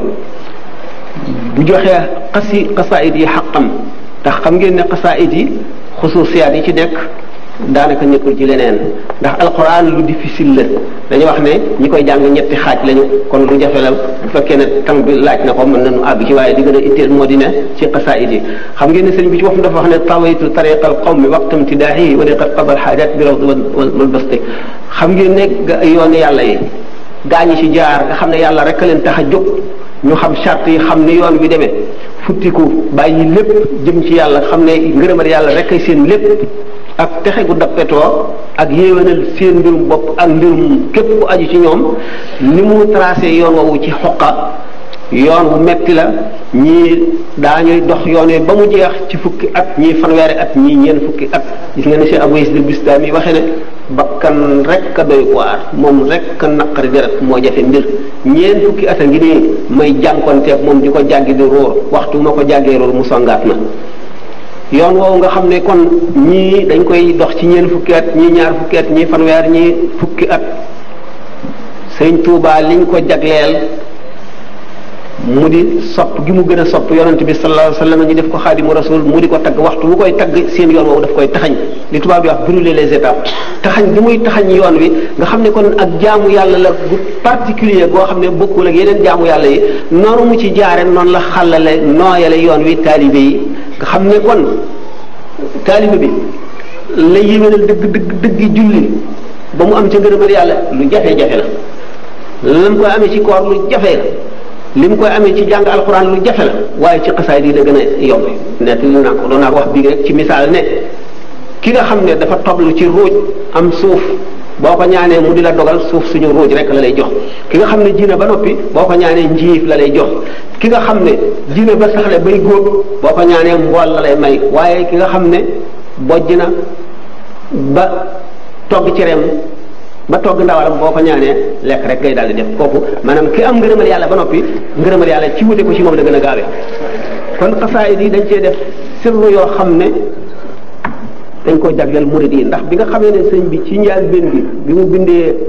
bu joxee xasi xasaayit yi xaqam ndax xam ngeen ne xasaayit yi xusuusiyaat yi ci nekk daanaka nekkul ci leneen ndax alquran lu difficile la dañu wax ne ñi koy jàng ñetti xaaj lañu kon lu jafe la bu fekkee ne temps bi laaj na ko mën na nañu àgg ci waaye di gën a itteel moo di ne ci xasaayid yi xam ngeen ne sëñ bi ci wax dafa wax ne tawaytu tariqa al qawmi waqtam tidaahi wa diqat qada al xaajat bi rawd wal basti xam ngeen ne yoon yàlla yi gaa ñi ci jaar nga xam ne yàlla rek a leen tax a jóg ñu xam charte yi xam ni yoon wi demee futtiku bàyyi lépp jëm ci yàlla xam ne ngërëmal yàlla rek ay seen lépp ak texe gu dappetoo ak yéwénal seen mbirum bopp ak mbirum képp ku aju ci ñoom ni mu tracé yoon woowu ci xoqa yoon wu metti la ñii daañuy dox yoon wi ba mu jeex ci fukki at ñii fanweeri at ñii ñeen fukki at gis nga ni Cheikh Abou Yazid Bistami waxee ne bakkan a moom rek a naqari moo jafe mbir ñeen fukki at a ngi nii may jànkonteeg moom di ko jàggi di róor waxtu ma ko jàggee róor mu songaat na yoon woowu nga xam ne kon ñii dañ koy dox ci ñeen fukki at ñii ñaar fukki at ñii fanweer fukki at sëñ Touba liñ ko jagleel mu di sopp gi mu gën a sopp yonent bi sallallahu la wasallam ñu def ko xaadimu rasul mu di ko tagg waxtu bu koy tagg seen yoon woowu daf koy taxañ li tubaab bi wax brûler les étapes taxañ gi muy taxañ yoon wi nga xam ne kon ak jaamu yàlla la gu particulier goo xam ne bokkul ak yeneen jaamu yàlla yi noonu mu ci jaare noonu la xàllale nooyale yoon wi taalibe yi nga xam ne kon taalibe bi la yéwénal dëgg dëgg dëgg julli ba mu am ci ca ngërëmal yàlla lu jafe-jafe la lan koy amee ci koor lu jafe la li mu koy amee ci jàng alxuraan lu jafe la waaye ci xasaay yi la gën a yombe nett li naa ko doon naa wax bii rek ci misaal ne ki nga xam ne dafa toblu ci ruuj am suuf boo ko ñaanee mu di la dogal suuf suñu ruuj rek la lay jox ki nga xam ne jiina ba noppi boo ko ñaanee la lay jox ki nga xam ne jiina ba saxle bay góob boo ko ñaanee mbool la lay may waaye ki nga xam ne bojj na ba togg cereem ba togg ndawalam boo ko ñaanee lekk rek ngay dal di def kooku maanaam ki am ngërëmal yàlla ba noppi ngërëmal yàlla ci wute ko ci moom la gën a gaawee kon xasaayid yi dañ cee def sirru yoo xam ne dañ koo jagleel murid yi ndax bi nga xamee ne sëñ bi ci njaal benn bi bi mu bindee